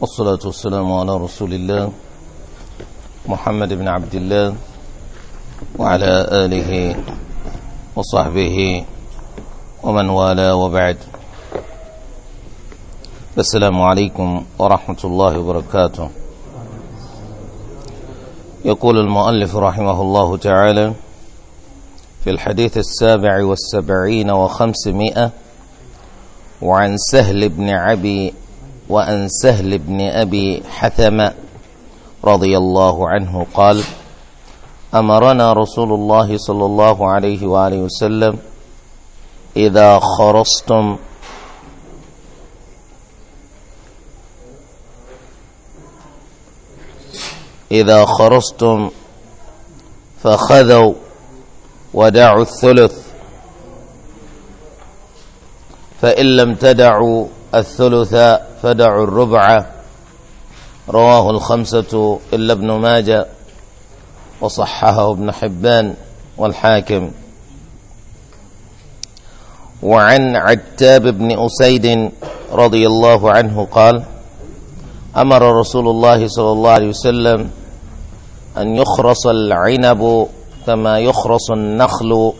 والصلاة والسلام على رسول الله محمد بن عبد الله وعلى آله وصحبه ومن والاه وبعد السلام عليكم ورحمة الله وبركاته يقول المؤلف رحمه الله تعالى في الحديث السابع والسبعين وخمسمائة وعن سهل بن عبي وأن سهل بن أبي حثم رضي الله عنه قال أمرنا رسول الله صلى الله عليه وآله وسلم إذا خرصتم إذا خرصتم فخذوا ودعوا الثلث فإن لم تدعوا الثلث فدعوا الربع رواه الخمسة إلا ابن ماجه وصححه ابن حبان والحاكم وعن عتاب بن أسيد رضي الله عنه قال أمر رسول الله صلى الله عليه وسلم أن يخرص العنب كما يخرص النخل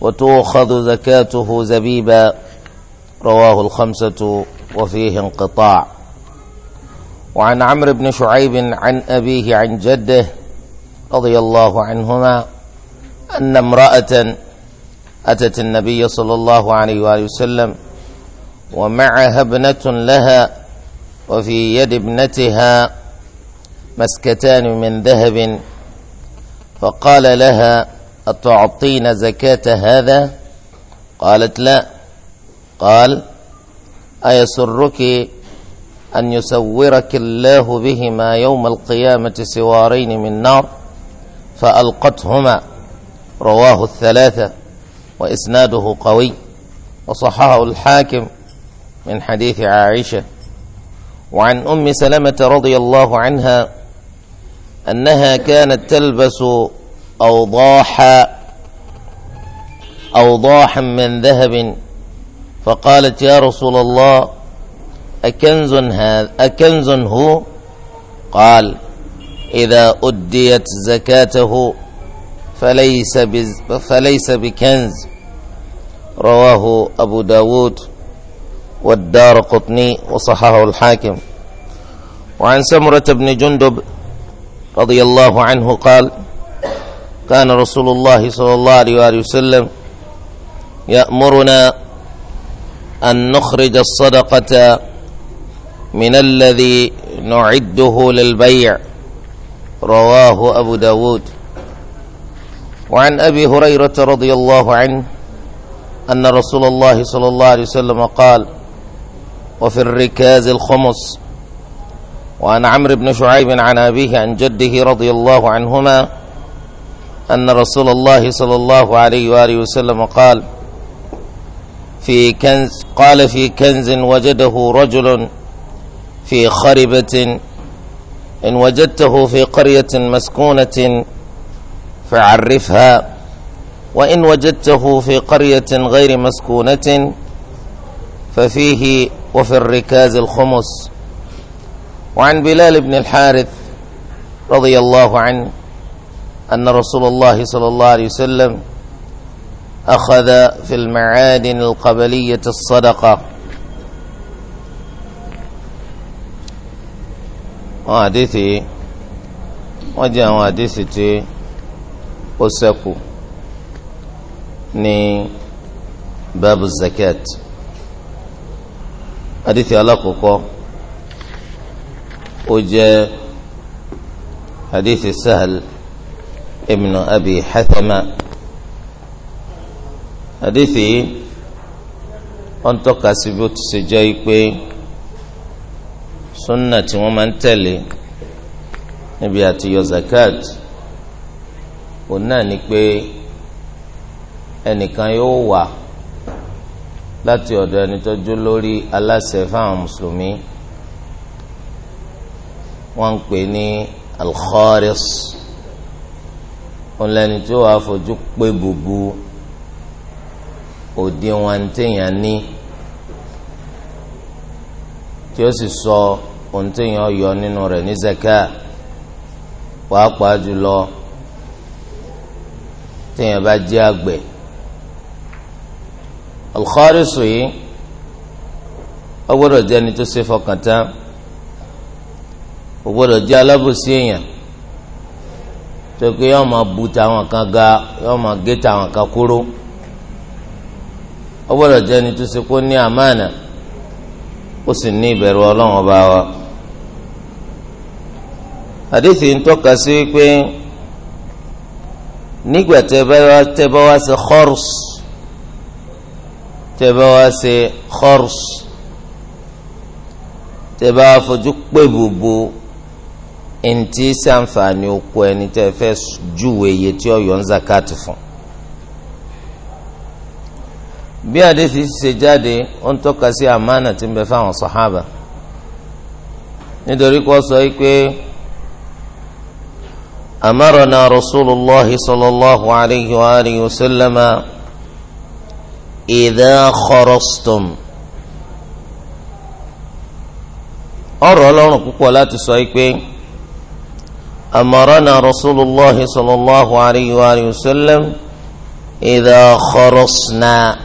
وتؤخذ زكاته زبيبا رواه الخمسة وفيه انقطاع وعن عمرو بن شعيب عن أبيه عن جده رضي الله عنهما أن امرأة أتت النبي صلى الله عليه وآله وسلم ومعها ابنة لها وفي يد ابنتها مسكتان من ذهب فقال لها أتعطين زكاة هذا قالت لا قال أيسرك أن يسورك الله بهما يوم القيامة سوارين من نار فألقتهما رواه الثلاثة وإسناده قوي وصححه الحاكم من حديث عائشة وعن أم سلمة رضي الله عنها أنها كانت تلبس أوضاحا أوضاحا من ذهب فقالت يا رسول الله أكنز هذا أكنز هو قال إذا أديت زكاته فليس فليس بكنز رواه أبو داود والدار قطني وصححه الحاكم وعن سمرة بن جندب رضي الله عنه قال كان رسول الله صلى الله عليه وسلم يأمرنا أن نخرج الصدقة من الذي نعده للبيع رواه أبو داود وعن أبي هريرة رضي الله عنه أن رسول الله صلى الله عليه وسلم قال وفي الركاز الخمس وعن عمرو بن شعيب عن أبيه عن جده رضي الله عنهما أن رسول الله صلى الله عليه وآله وسلم قال في كنز قال في كنز وجده رجل في خربة إن وجدته في قرية مسكونة فعرفها وإن وجدته في قرية غير مسكونة ففيه وفي الركاز الخمس وعن بلال بن الحارث رضي الله عنه أن رسول الله صلى الله عليه وسلم اخذ في المعادن القبليه الصدقه وادثي وجا وادثتي وسكو ني باب الزكاه حديثي على كوكو وجا حديث سهل ابن ابي حثمه hadithi wọ́n tọ́ka sí bó ti ṣe jẹ́ pé sunna tí wọ́n máa ń tẹ̀lé níbi àti yọ zakat òun náà ni pé ẹnìkan yóò wà láti ọ̀dọ̀ ẹni tó lórí aláṣẹ fáwọn mùsùlùmí wọ́n ń pè ní alkharis òun lẹni tó wàá fojú pé bùbù òdiwọ̀n téèyàn ní tí ó sì sọ ohun téèyàn yọ nínú rẹ̀ ní zaka pàápàá jùlọ téèyàn bá jẹ́ àgbẹ̀ alkharisu yìí ó gbọ́dọ̀ jẹ́ ẹni tó ṣe fọkàn tán ó gbọ́dọ̀ jẹ́ alábòsí èèyàn tó pé yọọ máa bu tàwọn kan ga yọọ máa gé tàwọn kan kúrò ó gbọ́dọ̀ jẹ́ ẹni tó ṣe kó ní àmàna ó sì ní ìbẹ̀rù ọlọ́run ọba wa. àdéhìí ń tọ́ka sí pé nígbà tẹ́ bá wá ṣe khors tẹ́ bá wá ṣe khors tẹ́ bá fojú pé bùbù ẹni tí sàǹfààní oko ẹni tẹ́ fẹ́ júwèé iye tí ọ̀yọ́ ń zakat fún bí àdéhìí ṣe jáde ó ń tọ́ka sí àmánà tí ń bẹ fáwọn sàhábà nítorí kó sọ pé amarana rasulillahi sallallahu alayhi wa alihi wa sallama idha kharastum ọ̀rọ̀ ọlọ́run púpọ̀ láti sọ pé amarana rasulillahi sallallahu alayhi wa alihi wa sallam idha kharasna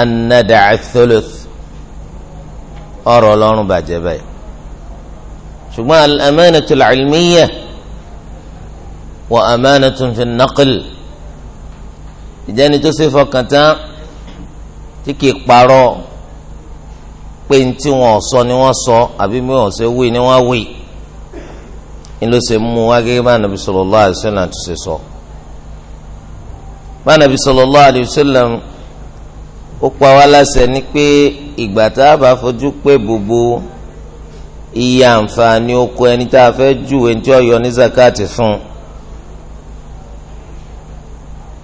anadaɛ thuluth ọ̀rọ̀ Ọlọ́run bàjẹ́ báyìí ṣùgbọ́n al-amanatul ilmiya wa amanatun fi naql ìjẹni tó ṣe fọkàn tán tí kì í parọ́ pé ntí wọ́n sọ ni wọ́n sọ àbí mi wọ́n ṣe wí ni wọ́n wí ni ló ṣe mú wá gẹ́gẹ́ bá nàbí sallallahu alaihi wasallam sọ bá nàbí sallallahu alaihi ó pa wá láṣẹ ni pé ìgbà tá a bá fojú pé gbogbo iye àǹfààní oko ẹni tá a fẹ́ júwe ní tí ó yọ ní zakati fún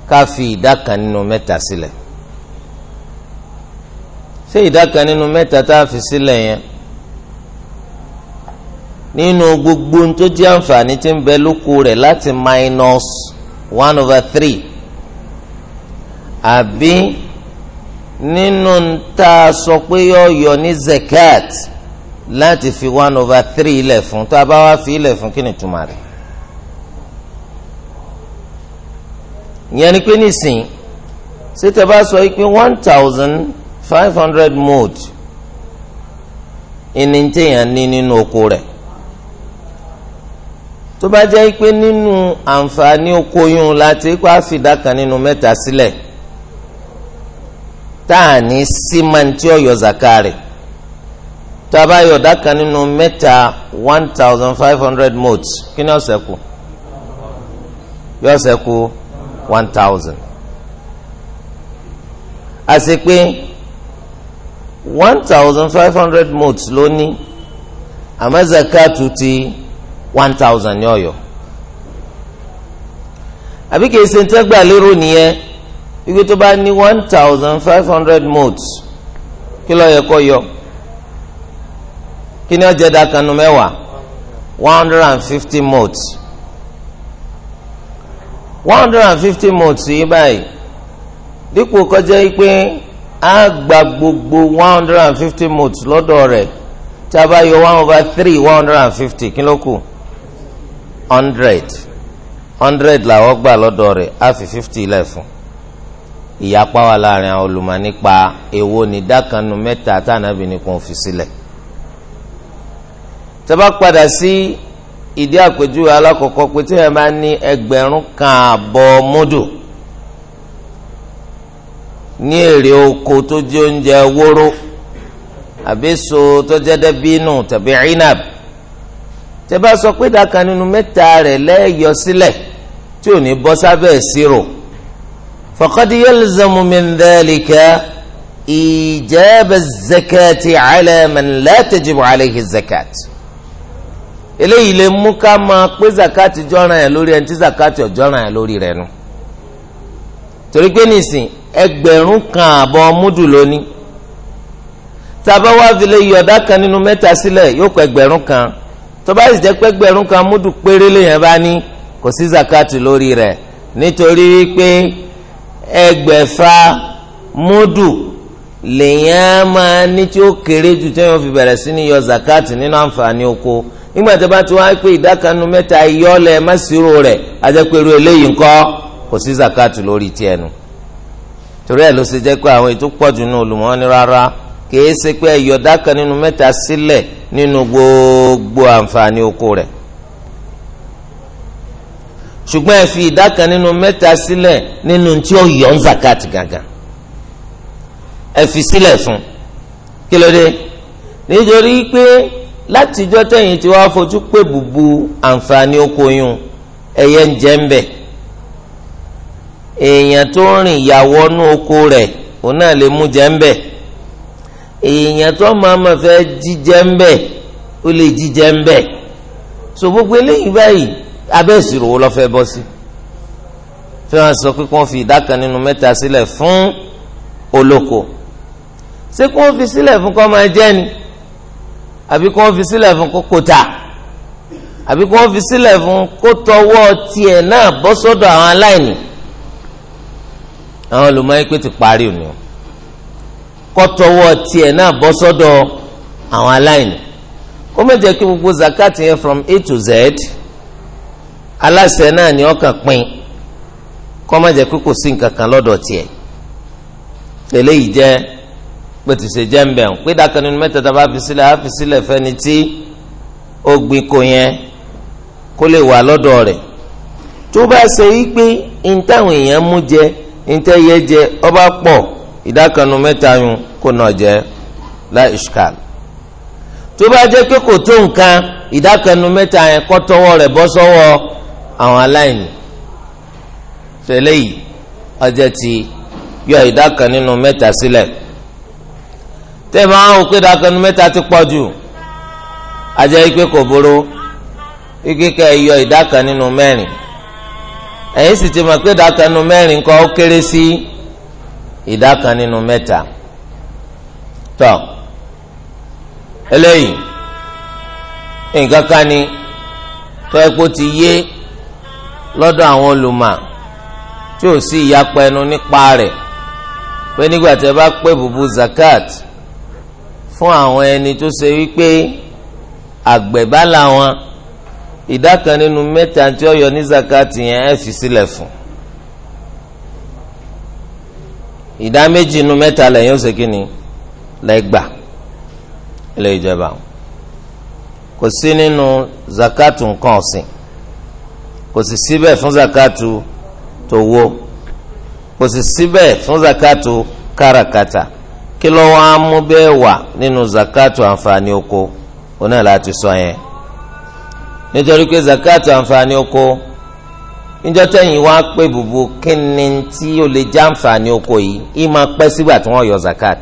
ká fi ìdá kan nínú mẹ́ta sílẹ̀ ṣé ìdá kan nínú mẹ́ta tá a fi sílẹ̀ yẹn nínú gbogbo tó jẹ́ àǹfààní tí ń bẹ lóko rẹ̀ láti minus one over three àbí. Mm -hmm nínú tá a sọ pé yọ yọ ní zakat láti fi one over three ilẹ̀ fún tó a bá wá fi ilẹ̀ fún kí ni túmọ̀ rẹ̀ ìyẹn ni pé nísìn ṣètò bá sọ pé one thousand five hundred mold ìní téèyàn ní nínú oko rẹ̀ tó bá jẹ́ pé nínú àǹfààní oko yún láti kó àfìdá kan nínú mẹ́ta sílẹ̀. Si táà ní símántì ọ̀yọ́ zakari tó a yọ ọ̀dà nínú mẹ́ta one thousand five hundred mot kí ni ọ̀sẹ̀ kù yọ ọ̀sẹ̀ kù one thousand àti pé one thousand five hundred mot ló ní àmọ́ ti one thousand ní ọ̀yọ́ àbí kìí ṣe ń tẹ́gbà lérò nìyẹn ibi tó bá ní one thousand five hundred mots kí ló yẹ kó yọ kí ni ọjà da mẹ́wàá one hundred and fifty mots one hundred and fifty mots yìí báyìí dípò kọjá pé a gba gbogbo one hundred and fifty mots lọ́dọ̀ rẹ̀ tí a bá yọ one over three one hundred and fifty kí ló kù hundred hundred làwọn gbà lọ́dọ̀ rẹ̀ a fi fifty lẹ̀ ìyapa wà láàrin àwọn olùmọ̀ nípa èwo nìdákanu mẹ́ta tànàbì nìkan fi sílẹ̀ tẹ́bá padà sí ìdí àpèjúwe alákọ̀ọ́kọ́ pé tí wọ́n bá ní ẹgbẹ̀rún kan àbọ̀ mọ́dù ní èrè oko tó jẹ́ oúnjẹ wóró àbẹ́so tó jẹ́ dẹ́bínú tàbí inab tẹ́bá sọ pé ìdákan nínú mẹ́ta rẹ̀ lẹ́yọ sílẹ̀ tí ò ní bọ́ sábẹ́ ìṣirò. E فقد يلزم من ذلك إيجاب الزكاة على من لا تجب عليه الزكاة eléyìí lè mú ká máa pé zakati jọ́ràn yẹn lórí ẹni tí zakati ọ̀jọ́ràn yẹn lórí rẹ̀ nu torí pé nìsín ẹgbẹ̀rún kan àbọ̀ múdù lónìí tàbá wá fi lè yọ̀dá kan nínú mẹ́ta sílẹ̀ yóò kọ ẹgbẹ̀rún kan tó bá sì jẹ́ pé ẹgbẹ̀rún kan múdù péré lèèyàn bá ní kò sí zakati lórí rẹ̀ nítorí wípé egbefa múdù lèyàn máa ní tí ó kéré jù tẹ́yàn fi bẹ̀rẹ̀ sí ní yọ zakati nínú àǹfààní oko nígbà tó bá ti wá pé ìdákanu mẹ́ta ìyọ́lẹ̀ mẹ́sìrò rẹ̀ ajẹ́pẹ̀rù eléyìí ńkọ́ kò sí zakati lórí tiẹ̀ nu torí ẹ̀ ló ṣe jẹ́ pé àwọn ètò pọ̀jù gbogbo àǹfààní oko ṣùgbọ́n ẹ fi ìdá kan nínú mẹ́ta sílẹ̀ nínú tí ó yọ ń zakat gangan ẹ fi sílẹ̀ fún kí ló dé nítorí pé látijọ́ tẹ̀yìn tí wàá fojú pé bùbù àǹfààní oko yún ẹyẹ ń jẹ́ ń bẹ̀ èèyàn tó rìn ìyàwó nú oko rẹ̀ òun náà lè mú jẹ́ ń bẹ̀ èèyàn tó máa ma fẹ́ jíjẹ́ ń bẹ̀ ó lè jíjẹ́ ń bẹ̀ so gbogbo eléyìí báyìí abẹ́ ìṣirò wo lọ́fẹ́ bọ́ sí fi hàn sọ pé kí wọ́n fi ìdá kan nínú mẹ́ta sílẹ̀ fún olóko ṣé kí wọ́n fi sílẹ̀ fún kọ́ máa jẹ́ ni àbí kí wọ́n fi sílẹ̀ fún kó kòtà àbí kí wọ́n fi sílẹ̀ fún kó tọwọ́ tiẹ̀ náà bọ́ sọ́dọ̀ àwọn aláìní àwọn olùmọ̀ọ́yé pé ti parí òní o kó tọwọ́ tiẹ̀ náà bọ́ sọ́dọ̀ àwọn aláìní kó má kí gbogbo zakati yẹn from A to Z aláṣẹ náà ni ọkàn pín kọ́ má jẹ́ pé kò sí nǹkan kan lọ́dọ̀ tiẹ̀ tẹ̀lé yìí jẹ́ pètùsè jẹ́ǹbẹ̀ ń pé dákan nínú mẹ́tẹ̀ẹ̀ta bá fi sílẹ̀ á fi sílẹ̀ fẹ́ni tí ó gbin kò yẹn kó lè wà lọ́dọ̀ rẹ̀ tó bá ṣe yí pé ìtàwọn èèyàn mú jẹ ìtẹ̀yẹ jẹ ọba pọ̀ ìdákanu mẹ́ta yun kò nà jẹ láì ṣkàl tó bá jẹ́ pé tó nǹkan ìdákanu mẹ́ta yẹn kọ́ tọwọ́ rẹ̀ bọ́ sọ́wọ́ àwọn aláìní tẹ́lẹ̀ yìí ọjọ́ ti yọ ìdá kan nínú mẹ́ta sílẹ̀ tẹ́ bá wọn pé ìdá kan nínú mẹ́ta ti pọ̀ jù ajẹ́ ipe kò burú ike ká ẹ yọ ìdá kan nínú mẹ́rin ẹ̀yin sì ti mọ̀ pé ìdá kan nínú mẹ́rin kọ́ ó kéré sí ìdá kan nínú mẹ́ta tọ́ eléyìí nǹkan kan ni tọ́ ẹ kó ti yé lọ́dọ̀ àwọn olùmọ̀ tí ò sí ìyapa ẹnu nípa rẹ̀ pé nígbà tí ẹ bá pé bùbù zakat fún àwọn ẹni tó ṣe wípé àgbẹ̀bá làwọn ìdá kan nínú mẹ́ta tí ó ní zakat yẹn ẹ fi sílẹ̀ fún ìdá méjì nínú mẹ́ta lẹ́yìn ọ̀sẹ̀ kìíní lẹ́gbà ilé ìjọba kò sí nínú zakat nǹkan ọ̀sìn kò sì síbẹ̀ fún zakatu tówó kò sì síbẹ̀ fún zakatu káràkátà kí ló wá mú bẹ́ẹ̀ wà nínú zakatu àǹfààní oko oná láti sọ yẹn nítorí pé zakatu àǹfààní oko níjọ́ tẹ̀yìn wá pé bùbù kí ni tí ó lè já àǹfààní oko yìí í máa pẹ́ sígbà tí wọ́n yọ zakat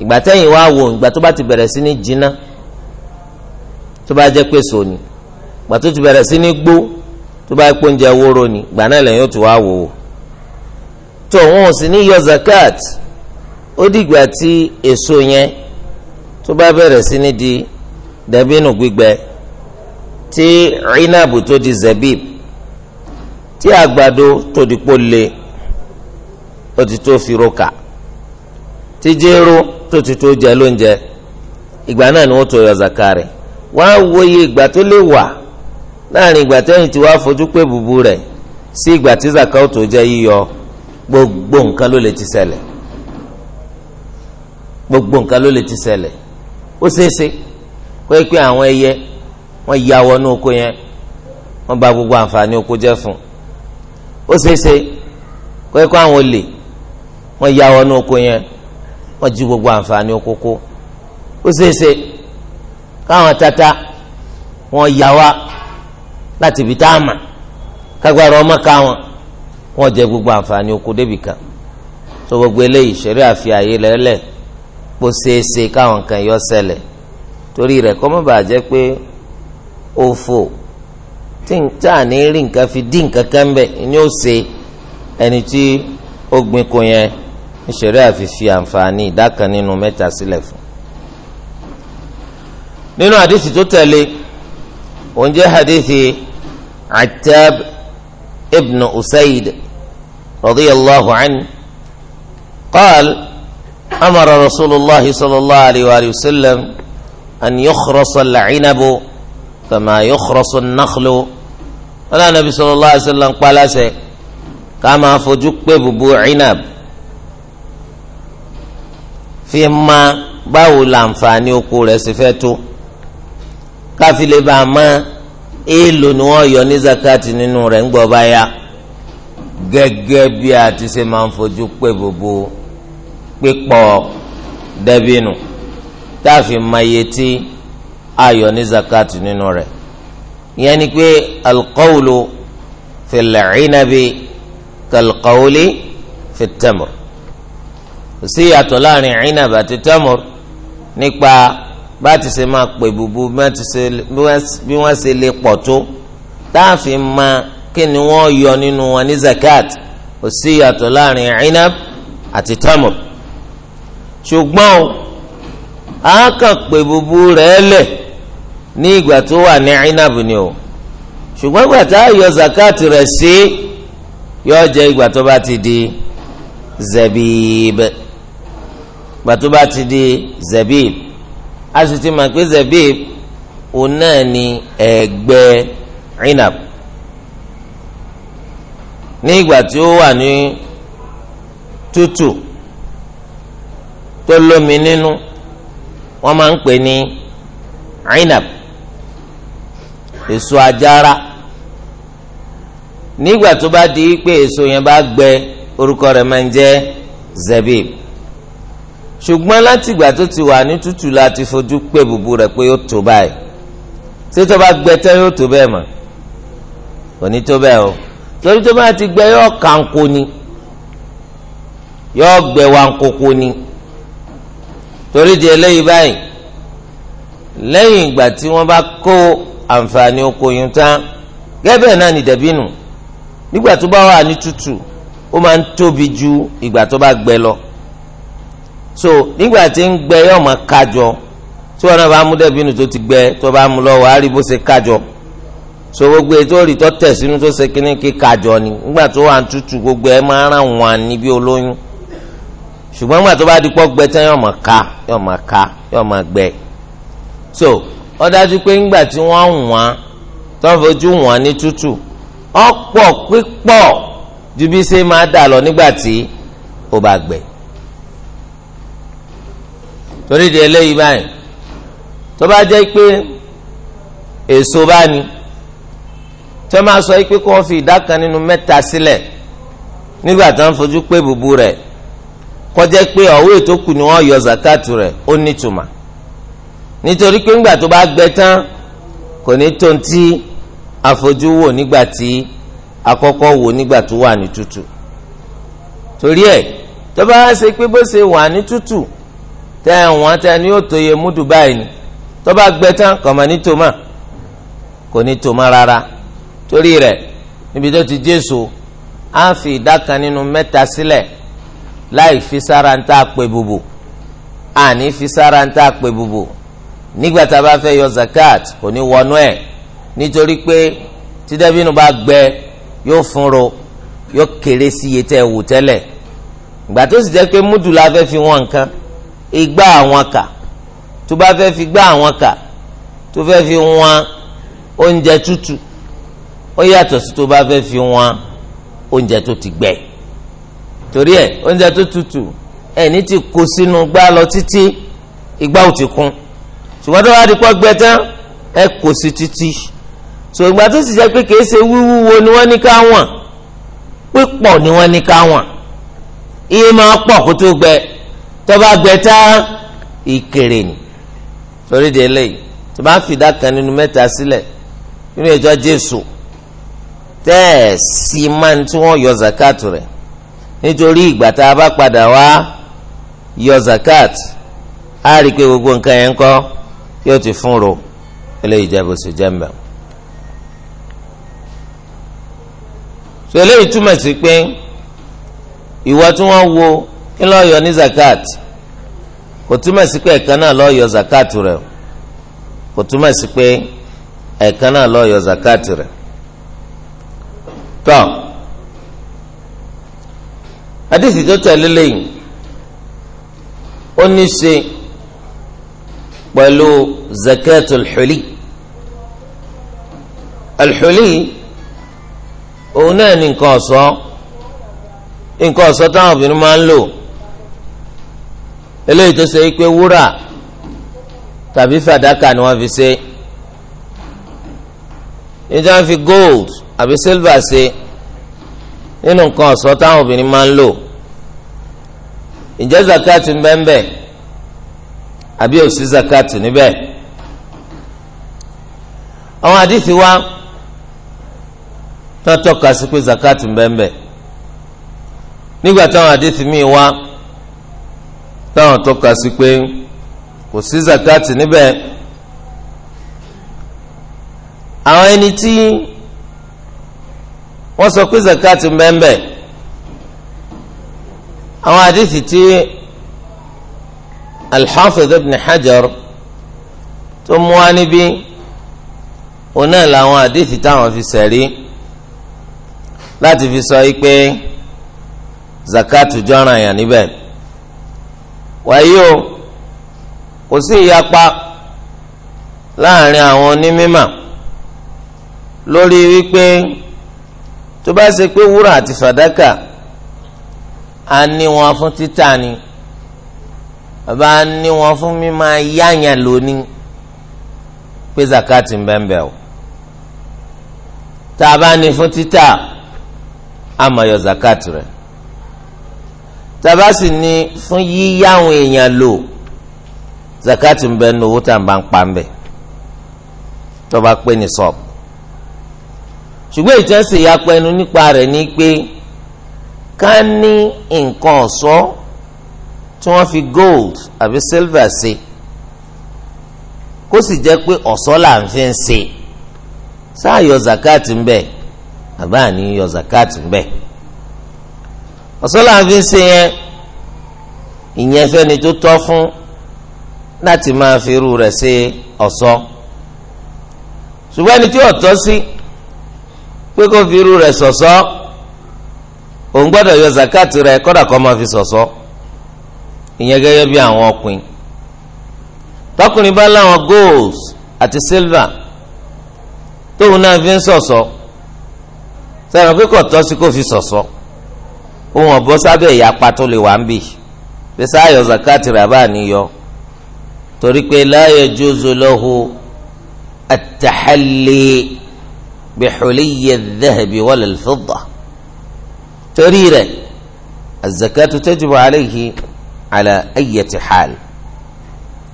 ìgbà tẹ̀yìn wá wò ìgbà tó bá ti bẹ̀rẹ̀ sí ní jiná tó bá jẹ́ pé sòní. So gbà tó ti bẹ̀rẹ̀ sí ní gbó tó bá pé oúnjẹ wóró ni gbà náà lẹ́yìn ó tún wá wò ó tó wọn ò sì ní yọ zakat ó dìgbà tí èso yẹn tó bá bẹ̀rẹ̀ sí ní di dàbínù gbígbẹ tí rinabu tó di zabib tí àgbàdo tó di pọ́lẹ̀ ó ti tó fi roka tí jéró tó ti tó jẹ lóúnjẹ ìgbà náà ni wọ́n tó yọ zakari wọ́n á wòye ìgbà tó lè wà láàrin ìgbà tẹ́yìn tí wàá fojú pé bùbù rẹ̀ sí ìgbà tí zakao tó jẹ́ yíyọ gbogbo nǹkan ló lè ti ṣẹlẹ̀ gbogbo nǹkan ló lè ti ṣẹlẹ̀ ó ṣeéṣe kó e pé àwọn ẹyẹ wọ́n ya wọnú oko yẹn wọ́n bà gbogbo àǹfààní oko jẹ́ fún ó ṣeéṣe kó pé àwọn olè wọ́n ya wọnú oko yẹn wọ́n jí gbogbo àǹfààní oko kó ó ṣeéṣe káwọn tata wọ́n ya wá láti ibi tá a mà kágbára ọmọ ká wọn wọn jẹ gbogbo àǹfààní oko débì kan tó gbogbo eléyìí ṣeré àfi àyè lẹ́lẹ̀ kó ṣeéṣe káwọn kan yọ ṣẹlẹ̀ torí rẹ̀ kọ́ mọ́ bàa jẹ́ pé òfò tí à ní rí nǹkan fi dín nǹkan kan bẹ̀ ni ó ṣe ẹni tí ó gbin ko yẹn ṣeré àfi fi àǹfààní ìdá kan nínú mẹ́ta sílẹ̀ fún. nínú àdìsí tó tẹ̀lé òun jẹ́ hadithi atab ibn usaid radiyallahu anhu qaal amara rasulillah sallallahu alayhi wa sallam an yukhrasa al-'inabu kama yukhrasa an-nakhlu wala nabi sallallahu alayhi wa sallam kpalase ká máa fojú pé bubu inab fi ma báwo làǹfààní oko rẹ̀ sì fẹ́ tó káfílẹ̀ bá a mọ́ èèlò ni wọ́n yọ ní zakati nínú rẹ̀ ń gbọ́ báyà gẹ́gẹ́ bí a ti ṣe máa ń fojú pé gbogbo pípọ̀ dẹ́bìnù táàfin mayé tí a yọ ní zakati nínú rẹ̀ ìyẹn ni pé alqawlu fil inabi kalqawli sí ìyàtọ̀ láàrin ìnàbà àti tamr nípa bá ti ṣe máa pè bùbù bí wọ́n ṣe lè pọ̀ tó táàfin máa kí ni wọ́n yọ nínú wọn ní zakat kò sí ìyàtọ̀ láàrin inab àti tamur ṣùgbọ́n o a kàn pè bùbù rẹ̀ lẹ̀ ní ìgbà tó wà ní inab ni o ṣùgbọ́n ìgbà tá a yọ zakat rẹ̀ sí yọ jẹ́ ìgbà tó bá ti di zabib ìgbà tó bá ti di zabib a sì ti mọ̀ pé ni ẹ̀gbẹ́ inab ní ìgbà tí ó wà ní tútù tó lómi nínú wọ́n máa ń pè ní inab èso àjàrà nígbà tó bá di pé èso yẹn bá gbẹ orúkọ rẹ̀ máa ń jẹ́ zabib ṣùgbọ́n láti ìgbà tó ti wà ní tútù láti fojú pé bùbù rẹ̀ pé ó tó báyìí ṣé tó bá gbẹ tẹ́ yóò tó bẹ́ẹ̀ mọ̀ kò ní tó bẹ́ẹ̀ o torí tó bá ti gbẹ yóò kanko ni yóò gbẹ wankoko ni torí di eléyìí báyìí lẹ́yìn ìgbà tí wọ́n bá kó àǹfààní oko yìí tán gẹ́gẹ́ náà ní dẹ̀bínú nígbà tó bá wà ní tútù ó máa ń tóbi ju ìgbà tó bá gbẹ lọ so nígbà tí ń gbẹ yóò máa kájọ tí wọn náà bá mú dẹbìnú tó ti gbẹ tó bá mú lọ́wọ́ á rí bó ṣe kájọ so gbogbo ètò òrìtọ́ tẹ̀ sínú tó ṣe kíní kí kájọ ni nígbà tó wà ń tútù gbogbo ẹ máa ràn wọn níbi olóyún ṣùgbọ́n nígbà tó bá di pọ́ gbẹ tán yóò máa ká yóò máa ká yóò máa gbẹ so ó dájú pé nígbà tí wọ́n wọ́n tó ń fojú wọ́n ní tútù ọ̀pọ̀ pípọ̀ ju bí ṣe máa dà lọ nígbà tí ó bá gbẹ torí di eléyìí báyìí tó bá jẹ́ pé èso bá ní tó máa sọ pé kó fi ìdá kan nínú mẹ́ta sílẹ̀ nígbà tó ń fojú pé bùbù rẹ̀ kọjá pé ọ̀wé tó kù ni wọ́n yọ zakatu rẹ̀ ó nítumà nítorí pé ńgbà tó bá gbẹ tán kò ní tó ń tí àfojú wò nígbà tí akọ́kọ́ wò nígbà tó wà ní tútù torí ẹ̀ tó bá ṣe pé bó ṣe wà ní tútù tẹ ẹ̀wọ̀n tẹ ni yóò tó yẹ múdù báyìí ni tó bá gbẹ tán kò mà ní tòmá kò ní tòmá rárá torí rẹ̀ níbi tó ti jésù á fi ìdá kan nínú mẹ́ta sílẹ̀ láì fi sára ń tá a pè bùbù àní fi sára ń tá a bùbù nígbà tá a bá fẹ́ yọ zakat kò ní wọnú ẹ̀ nítorí pé tí dàbínù bá gbẹ yóò fúnro yóò kéré sí iye tẹ́ ẹ wò tẹ́lẹ̀ ìgbà tó sì jẹ́ pé múdù la fẹ́ fi wọ́n nǹkan Igba àwọn kà tó bá fẹ́ fi gbá àwọn kà tó fẹ́ fi wọn oúnjẹ tútù ó yàtọ̀ sí tó bá fẹ́ fi wọn oúnjẹ tó ti gbẹ torí ẹ oúnjẹ tó tútù ẹni tí kó sínú gbá lọ títí igbá ò ti kún ṣùgbọ́n tó bá di pọ́ gbẹ tán ẹ kò sí títí so tó sì jẹ́ pé kìí ṣe wíwúwo ni wọ́n ní ká wọ̀n pípọ̀ ni wọ́n ní ká wọ̀n iye máa pọ̀ kó tó gbẹ tọ́ba gbẹ̀tà ìkèrè ni torí de eléyìí tó bá fìdá kan nínú mẹ́ta sílẹ̀ nínú ìjọ jésù tẹ́ẹ̀sì máa ń tí wọ́n yọ zakat rẹ̀ nítorí ìgbà tá a bá padà wá yọ zakat á rí i pé gbogbo nǹkan yẹn ń kọ́ yóò ti fún ro eléyìí jẹ́ bó ṣe jẹ́ mbẹ́. so eléyìí túmọ̀ sí pé ìwọ tí wọ́n wo kí ló yọ ní zakat kò túmọ̀ sí pé ẹ̀kan náà ló yọ zakat rẹ̀ kò túmọ̀ sí pé ẹ̀kan náà ló yọ zakat rẹ̀ tọ́ àdìsí tó tẹ̀lé lẹ́yìn ó ní ṣe pẹ̀lú zakat al-huli al-huli òun náà ní nǹkan ọ̀sọ́ nǹkan ọ̀sọ́ táwọn obìnrin máa ń lò eléyìí tó ṣe pé wúrà tàbí fàdákà ni wọ́n fi ṣe níta fi gold àbí silver ṣe nínú nǹkan ọ̀ṣọ́ táwọn obìnrin máa ń lò ǹjẹ́ zakati ń bẹ́ẹ̀ bẹ́ẹ̀ àbí òsì zakati níbẹ̀ àwọn àdìsí wa tó tọ́ka sí pé zakati ń bẹ́ẹ̀ nígbà táwọn àdìsí míì wá táwọn tọ́ka sí pé kò sí zakati níbẹ̀ àwọn ẹni tí wọ́n sọ pé zakati mbẹ́mbẹ́ àwọn àdìsí tí Al-Hafiz Ibn Hajar tó mú wá níbí òun làwọn àdìsí táwọn fi sẹ̀rí láti fi sọ yìí pé zakati jọ̀ràn yàn níbẹ̀ wàyí o kò sí ìyapa láàrin àwọn onímọ̀ lórí wípé tó bá ṣe pé wúrà àti fàdákà a ní wọn fún títà ni bàbá a ní wọn fún mímọ yáyàn lónìí pé zakati ń bẹ́ẹ̀ o tá a bá ní fún títà a máa yọ zakati rẹ̀ tàbá sì ní fún yíyá àwọn èèyàn lò zakati ń bẹ nu owó tá à ń bá ń pa ń bẹ tó bá pé ní sọọbù ṣùgbọ́n ìtẹ́sí yapẹnu nípa rẹ̀ ni pé ká ní nǹkan ọ̀ṣọ́ tí wọ́n fi gold àbí silver ṣe kó sì jẹ́ pé ọ̀ṣọ́ là ń fi ń ṣe sáà yọ zakati ń bẹ àbá yọ zakati ń ọ̀sán là ń fi ṣe yẹn ìyẹn fẹ́ni tó tọ́ fún láti máa fi irú rẹ̀ ṣe ọ̀ṣọ́ ṣùgbọ́n ẹni tí ọ̀tọ́ sí pé kó fi irú rẹ̀ ṣọ̀ṣọ́ òun gbọ́dọ̀ yọ zakat rẹ̀ kọ́dà kó máa fi ṣọ̀ṣọ́ ìyẹn gẹ́gẹ́ bí àwọn ọkùnrin tọkùnrin bá láwọn goals àti silver tóun náà fi ń ṣọ̀ṣọ́ sẹ́wọ̀n pé kò tọ́ sí kó fi ṣọ̀ṣọ́. So -so ohun ọ̀bọ sábẹ́ ìyapa tó lè wà ń bì pèsè ayọ̀ zakati rabá níyọ torí pé la yajuzu lahu at-tahalli bi huliyyi adh-dhahabi wal fidda torí rẹ̀ az-zakatu tajibu alayhi ala ayyati hal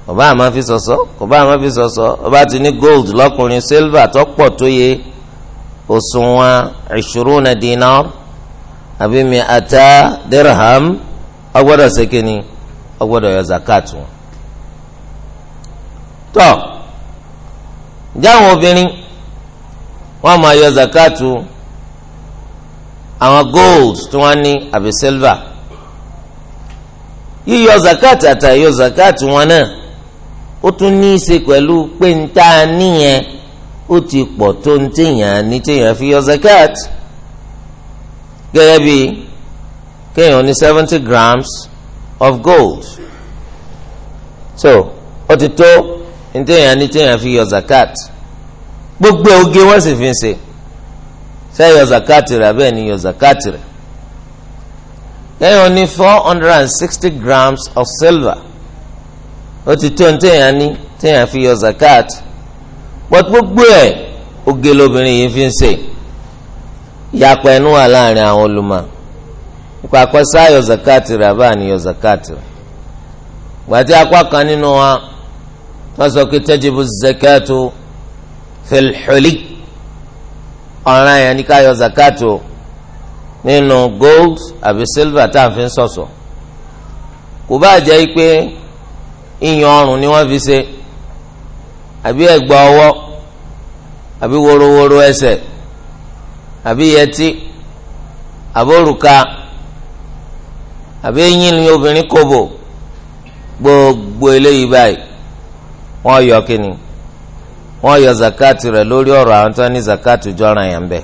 ọba àmọ́ fi sọ̀sọ́ ọba àmọ́ fi sọ̀sọ́ ọba ti ní gold lọ́kùnrin silver tó pọ̀ tó yẹ òṣùwọ̀n 20 dinar àbí mi ata dirham ọgbọ́dọ̀ sekeni ọgbọ́dọ̀ yọ zakatu tọ jáwọn obìnrin wọn máa yọ zakatu àwọn gold tí wọn ní àbí silver yíyọ zakatu àtàyọ zakatu wọn náà ó tún ní í ṣe pẹ̀lú pé ń tá níyẹn ó ti pọ̀ tó ń téèyàn ní téèyàn fi yọ zakatu gẹ́gẹ́ bíi kéèyàn ní seventy grams of gold so ó ti tó ní téèyàn ní téèyàn fi yọ zakat gbogbo oge wọ́n sì fi ń ṣe fẹ́ yọ zakat rẹ̀ abẹ́ ni yọ zakat rẹ̀ kéèyàn ní four hundred and sixty grams of silver ó ti tó ní téèyàn ní téèyàn fi yọ zakat but gbogbo ẹ̀ oge lobìnrin yìí fi ń ṣe ìyapa ẹnu wà láàrin àwọn olùmọ̀ nípa akọ́sá yọ zakati rẹ̀ àbá ni yọ zakati rẹ̀ gbàtí apá kan nínú wa wọ́n sọ pé tajibu zakatu fil huli ọ̀ràn yẹn ní ká yọ zakati o nínú gold àbí silver tá à ń sọ̀sọ̀ kò bá jẹ́ pé ìyàn ọrùn ni wọ́n fi ṣe àbí ẹ̀gbà ọwọ́ àbí worowóró ẹsẹ̀ àbí yẹtí àbórùka àbí eyín ni obìnrin kòbò gbogbo eléyìí báyìí wọ́n yọ kíni wọ́n yọ zakati rẹ̀ lórí ọ̀rọ̀ àwọn tó ní zakati jọra yẹn bẹ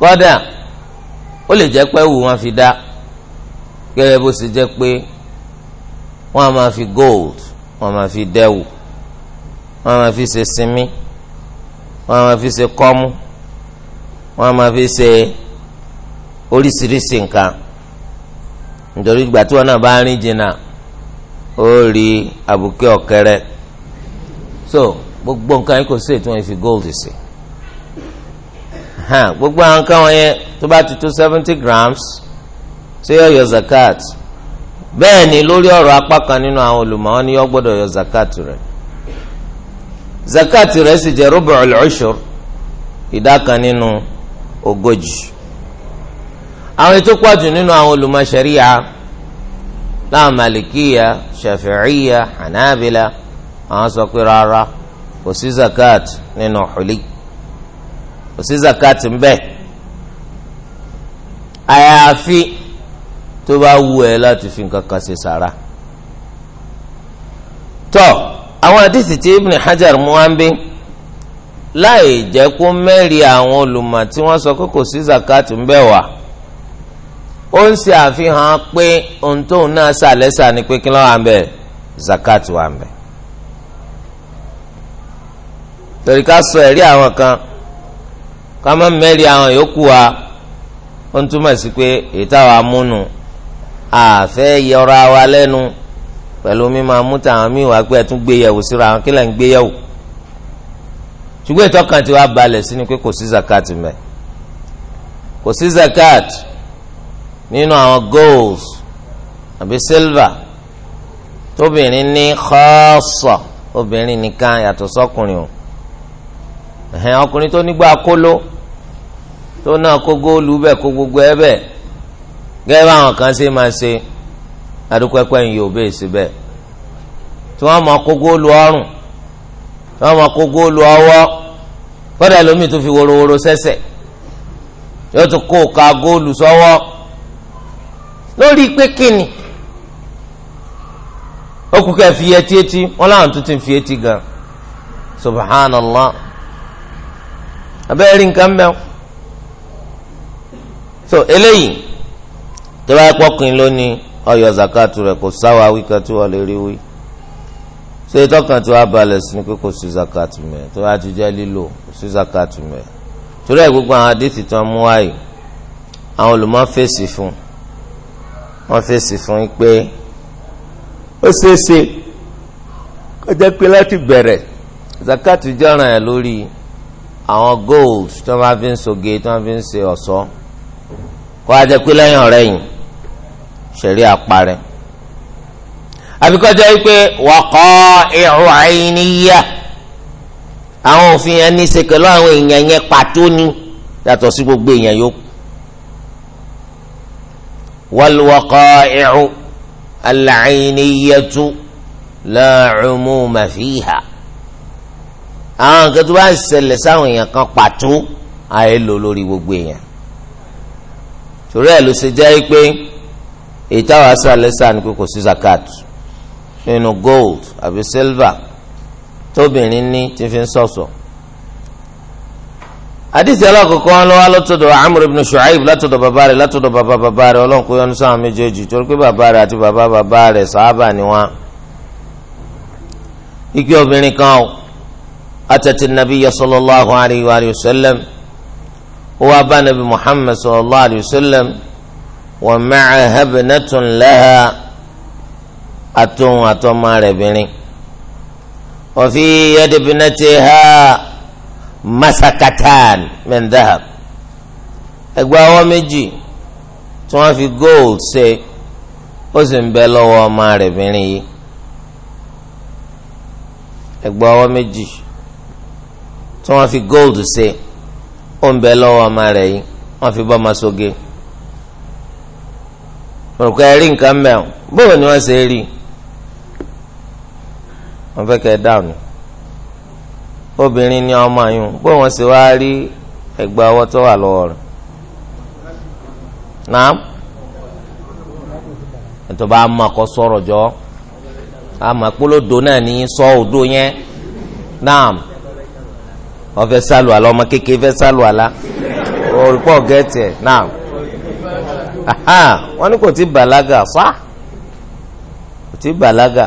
kódà ó lè jẹ́ pé wù wọ́n fi dá gẹ́gẹ́ bó ṣe jẹ́ pé wọ́n máa fi gold wọ́n a máa fi dẹ́wù wọ́n a máa fi ṣe sinmi wọ́n máa fi ṣe kọ́mú. wọn a máa fi ṣe oríṣiríṣi nǹkan nítorí ìgbà tí wọn náà bá rìn jìnnà ó rí àbùké ọ̀kẹ́rẹ́ so gbogbo nǹkan yẹn kò sí ètò wọn gold sí gbogbo àwọn nǹkan wọn yẹn tó grams ṣé yọ yọ zakat bẹ́ẹ̀ ni lórí ọ̀rọ̀ apá kan nínú àwọn olùmọ̀ wọn ni yọ gbọ́dọ̀ yọ zakat rẹ zakat rẹ sì jẹ́ ogójì àwọn ètò pọ̀jù nínú àwọn olùmọ̀ṣẹ́ríà láwọn malikiya shafi'iya hanabila àwọn sọ pé rárá kò sí zakat nínú xuli kò sí zakat ńbẹ àyàfi tó bá wù ẹ́ láti fi nǹkan kan ṣe sàrà tọ àwọn àdìsí tí ibn hajar muhammed. láì jẹ́ kó mẹ́rin àwọn olùmọ̀ tí wọ́n sọ pé kò sí zakatu ń bẹ̀ wá ó ń ṣe àfihàn pé ohun tóun náà ṣàlẹ́sà ni pé kí ló wà ń bẹ̀ zakatu wà ń bẹ̀ torí ká sọ ẹ̀rí àwọn kan ká má mẹ́rin àwọn yòókù wa ó ń túmọ̀ sí pé ètò àwọn amúnu àfẹ́ yọra wa lẹ́nu pẹ̀lú mímọ amúta àwọn míì wá pé ẹ̀ tún gbéyẹ̀wò síra àwọn kílẹ̀ ń gbéyẹ̀wò ṣùgbọ́n ìtọ́kàn tí wàá balẹ̀ sí ni pé kò sí zakat mẹ́ kò sí zakat nínú àwọn gold àbí silver tóbìnrin ní xọ́ọ̀sọ̀ obìnrin nìkan yàtọ̀ sọ́kùnrin o ẹ̀hẹ́n ọkùnrin tó nígbà kóló tó náà kó góòlù bẹ́ẹ̀ kó gbogbo ẹ bẹ́ẹ̀ gẹ́gẹ́ báwọn kan ṣe máa ṣe adúpẹ́pẹ́ yìí ò bẹ́ẹ̀ sí bẹ́ẹ̀ tí wọ́n máa kó góòlù ọrùn tí wọ́n máa kó góòlù ọwọ́ kọ́dà ẹlòmíì tó fi worowóró sẹ́sẹ̀ yóò tún kó ka góòlù sọ́wọ́ lórí pé kíni ó kẹ́ fi etí etí wọn tún ti fi subhanallah abẹ́rẹ́ nǹkan so eléyìí tó bá yẹ lónìí ọyọ zakatu rẹ̀ kò sáwà wíkẹ́ tí wọ́n so ìtọ́kàn tí wàá balẹ̀ sí ni pé kò sí zakat mẹ́ tó wàá ti jẹ́ lílo kò sí zakat mẹ́ torí ẹ̀ gbogbo àwọn àdìsí tí wọ́n mú wáyé àwọn olùmọ̀ fèsì fún wọ́n fèsì fún pé ó ṣeéṣe kó jẹ́ pé láti bẹ̀rẹ̀ zakat jọ̀ràn ẹ̀ lórí àwọn gold tí wọ́n bá fi ń soge tí wọ́n fi ń ṣe ọ̀ṣọ́ kó pé lẹ́yìn ọ̀rẹ́yìn ṣẹ̀rí àparẹ́ àbíkọ́jọ́ yìí pé wọ́kọ́ ìrù àìníyà àwọn òfin yẹn ní ṣe pẹ̀lú àwọn èèyàn yẹn pàtó ni yàtọ̀ sí gbogbo èèyàn yòókù wọ́lùwọ́kọ́ ìrù àlàìníyàtú làrùmù màfíhà àwọn nǹkan tó bá ń ṣẹlẹ̀ sáwọn èèyàn kan pàtó àìlò lórí gbogbo èèyàn torí ẹ̀ ló ṣe jẹ́ pé èyí táwọn aṣọ sáà ni pé kò sí zakat nínú gold àbí silver tóbìnrin ní tí fi ń ṣọ̀ṣọ́. àdìsí alákọ̀ọ́kọ́ ló wá látọ̀dọ̀ amúr ibn shu'aib látọ̀dọ̀ bàbá rẹ̀ látọ̀dọ̀ bàbá bàbá rẹ̀ ọlọ́run kó yọ́nú sáwọn méjèèjì torí pé bàbá rẹ̀ àti bàbá bàbá rẹ̀ sàhábà ni wọ́n. ike obìnrin kan o atati nabiyya sallallahu alayhi wa sallam ó wá bá nabi muhammad sallallahu alayhi wa sallam wa ma'a àtòun atọ rẹ̀ bìnrin òfi yadibinati ha masakatan mendahab ẹgbà awa méjì tí wọ́n fi gold ṣe ó sì ń bẹ lọ́wọ́ ọmọ rẹ̀ bìnrin yìí meji ọwọ́ méjì fi gold ṣe ó ń bẹ lọ́wọ́ ọmọ rẹ̀ fi bọ́ ọmọ sóge. So eri ẹ̀rí nǹkan mẹ́ọ̀ bóyá ni wọ́n fẹ́ kẹ́ dáhùn ni obìnrin ni ọmọ yìí bó wọ́n sì wá rí ẹ̀gbà ọwọ́ tó wà lọ́wọ́ rẹ̀ naam ètò bá mọ àkọ sọ̀rọ̀ jọ àmọ́ àpolódo náà ní sọ òdo yẹn naam ọfẹ sálù àlọ ọmọ kékeré fẹ́ sálù àlá olùkọ́ gẹẹtì ẹ naam wọ́n ní kò tí bàlágà fa kò tí bàlágà.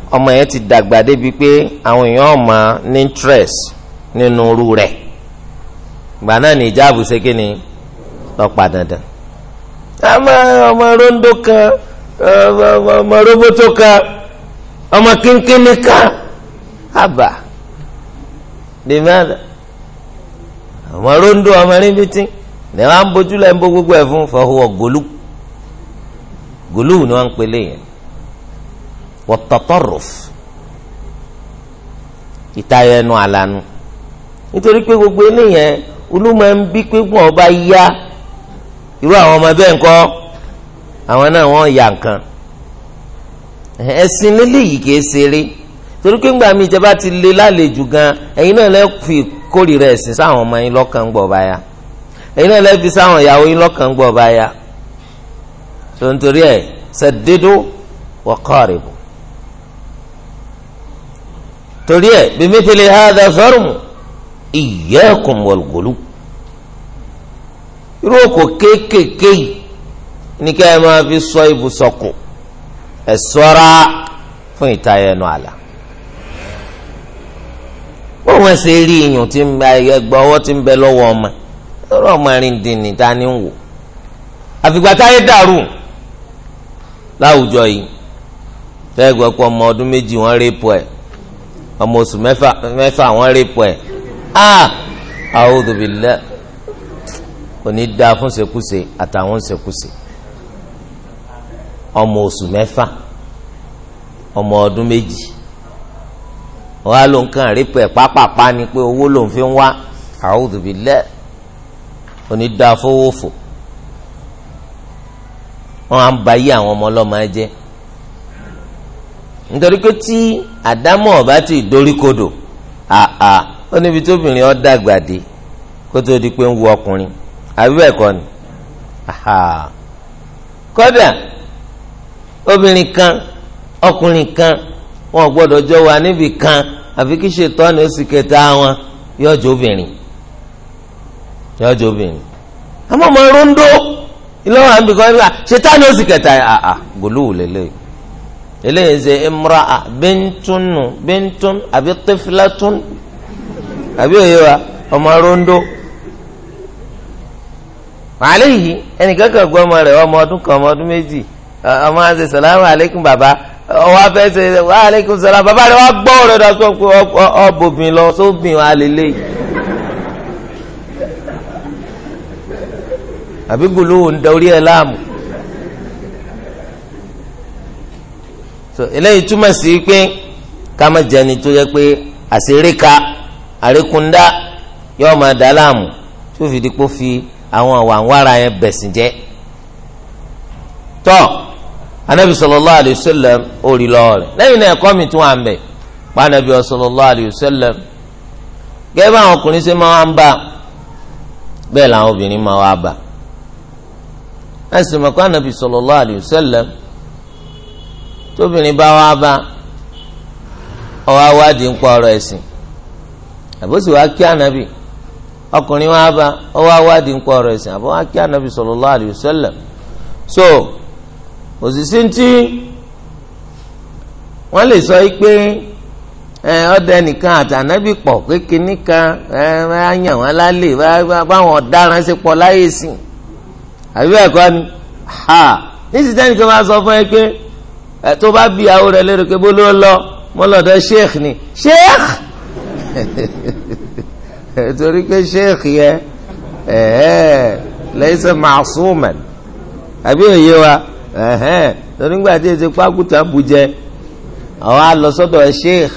ọmọ yẹn ti dàgbà débi pé àwọn èèyàn ọmọ ní interest nínú irú rẹ̀ gbà náà ní ìjáàbù ṣe kí ni lọ́pàá dandan. àmọ́ ọmọ rondo kan ọmọ roboto kan ọmọ kínkínní kan àbà dèmíàdà ọmọ rondo ọmọ rìnbìtì ni wọ́n á bójú lẹ́yìn gbogbo ẹ̀ fún fọwọ́ gòlù gòlù ni wọ́n ń pè léyìn wọ́tọ̀tọ̀rọ̀f ìtayọ ẹnu àlànà nítorí pé gbogbo eléyẹn olúmọ ń bí pé gbọ́n ọba yá irú àwọn ọmọ bẹ́ẹ̀ ńkọ́ àwọn náà wọ́n yà nǹkan ẹ̀sìn lélẹ́yìí kìí ṣeré torí pé ńgbà mi ìjọba ti lé lálejò gan ẹ̀yin náà lẹ́ fi kórìíra ẹ̀sìn sáwọn ọmọ yín lọ́kàn gbọ̀ ọba yá ẹ̀yin náà lẹ́ fi sáwọn ìyàwó yín lọ́kàn gbọ̀ ọba yá tó ń torí ẹ̀ sẹ́dédó wọ́kọ́rìbù torí ẹ bí mithli hadha farmu iyyakum wal ghulu irú òkò kéékèèké yìí ní ká ẹ máa fi sọ ibùsọ̀kù ẹ ṣọ́ra fún ìtayọ ẹnu àlà bó wọn ṣe rí iyùn tí ẹgbẹ ọwọ́ tí ń bẹ lọ́wọ́ ọmọ lọ́rọ̀ ọmọ rìndìnì ta ni ń wò àfìgbà táyé dàrú láwùjọ yìí fẹẹ gbọ́ pé ọmọ ọdún méjì wọ́n rèpọ ẹ ọmọ oṣù mẹ́fà wọ́n rí pọ̀ ẹ̀ ah a'udhu billah òní da fún ṣekúṣe àtàwọn ṣekúṣe ọmọ oṣù mẹ́fà ọmọ ọdún méjì wàá ló ń kàn rí pẹ̀ pápápá ni pé owó ló ń fi ń wá a'udhu billah òní da fowó fò wọ́n á ń ba yí àwọn ọmọ ọlọ́mọ ẹ jẹ́ nítorí pé tí àdámọ̀ ọ̀bá ti dorí kodò àà ó níbi tóbìnrin ọ́ dàgbà dé kó tó di pé ń wu ọkùnrin àbí bẹ́ẹ̀ kọ́ ni kódà obìnrin kan ọkùnrin kan wọn gbọ́dọ̀ jọ wà níbi kan àfi kí ṣètọ́ni ó sì kẹta wọn yọjọ obìnrin yọjọ obìnrin àmọ́ ọmọ rondo ìlọ́wọ́ àbíkọ́ ṣètọ́ni ó sì kẹta gòlúwò lélẹ́yìí eléyìí ṣe imra'a bíntúnù bíntún àbí tífìlátún àbí òye wa ọmọ rondo àléyìí ẹnìkan kan gbọ́ ọmọ rẹ̀ ọmọ ọdún kan ọmọ ọdún méjì ọmọ àti sàlámù aleykum bàbá ọwọ́ afẹ́ ṣe wà aleykum sàlámù bàbá rẹ̀ wà gbọ́ ọ̀rẹ́ dọ̀ sọ pé ọbòbìn lọ sóbìn wà lélẹ̀ àbí gbòlówó ń da ẹ̀ láàmú. so eléyìí túmọ̀ sí pé ká má jẹni tó yẹ pé àṣeréka àrékúndá yóò máa dá láàmú tó fi dípò fi àwọn àwàǹwára yẹn bẹ̀sìn jẹ́ tọ́ anabi sallallahu alayhi wa sallam orí lọ́ọ̀rẹ́ lẹ́yìn náà ẹ̀kọ́ mi tún wà ń bẹ̀ pa anabi sallallahu gẹ́gẹ́ bá àwọn ọkùnrin ṣe máa ń bá bẹ́ẹ̀ làwọn obìnrin máa wá bá a mọ̀ pé anabi sallallahu tóbìnrin bá wá bá ọwọ́ waa ń pa ọ̀rọ̀ esi. àbòsí wa kí ànábì ọkùnrin wa bá ọwọ́ awádìí ń pa ọrọ ẹ̀sìn àbọ̀ wa kí ànábì sallallahu alayhi wa sallam so òṣìṣẹ́ ntí wọ́n lè sọ pé ọdẹ nìkan pọ̀ pé kinní kan yàn wọ́n lálẹ́ báwọn ọ̀daràn ṣe pọ̀ láyé sí àbí bẹ́ẹ̀ kọ́ ni nísìsiyẹ́ nìkan máa sọ fún ẹ pé ẹ tó bá bí àwọn rẹ lérò pé bó ló lọ mo lọ́dọ̀ sheikh ni sheikh torí pé sheikh yẹ lẹ́sẹ̀ màṣúmẹ̀n àbí òye wa torí gbà tí ètò pákútà bùjẹ àwọn alọ́sọ́dọ̀ sheikh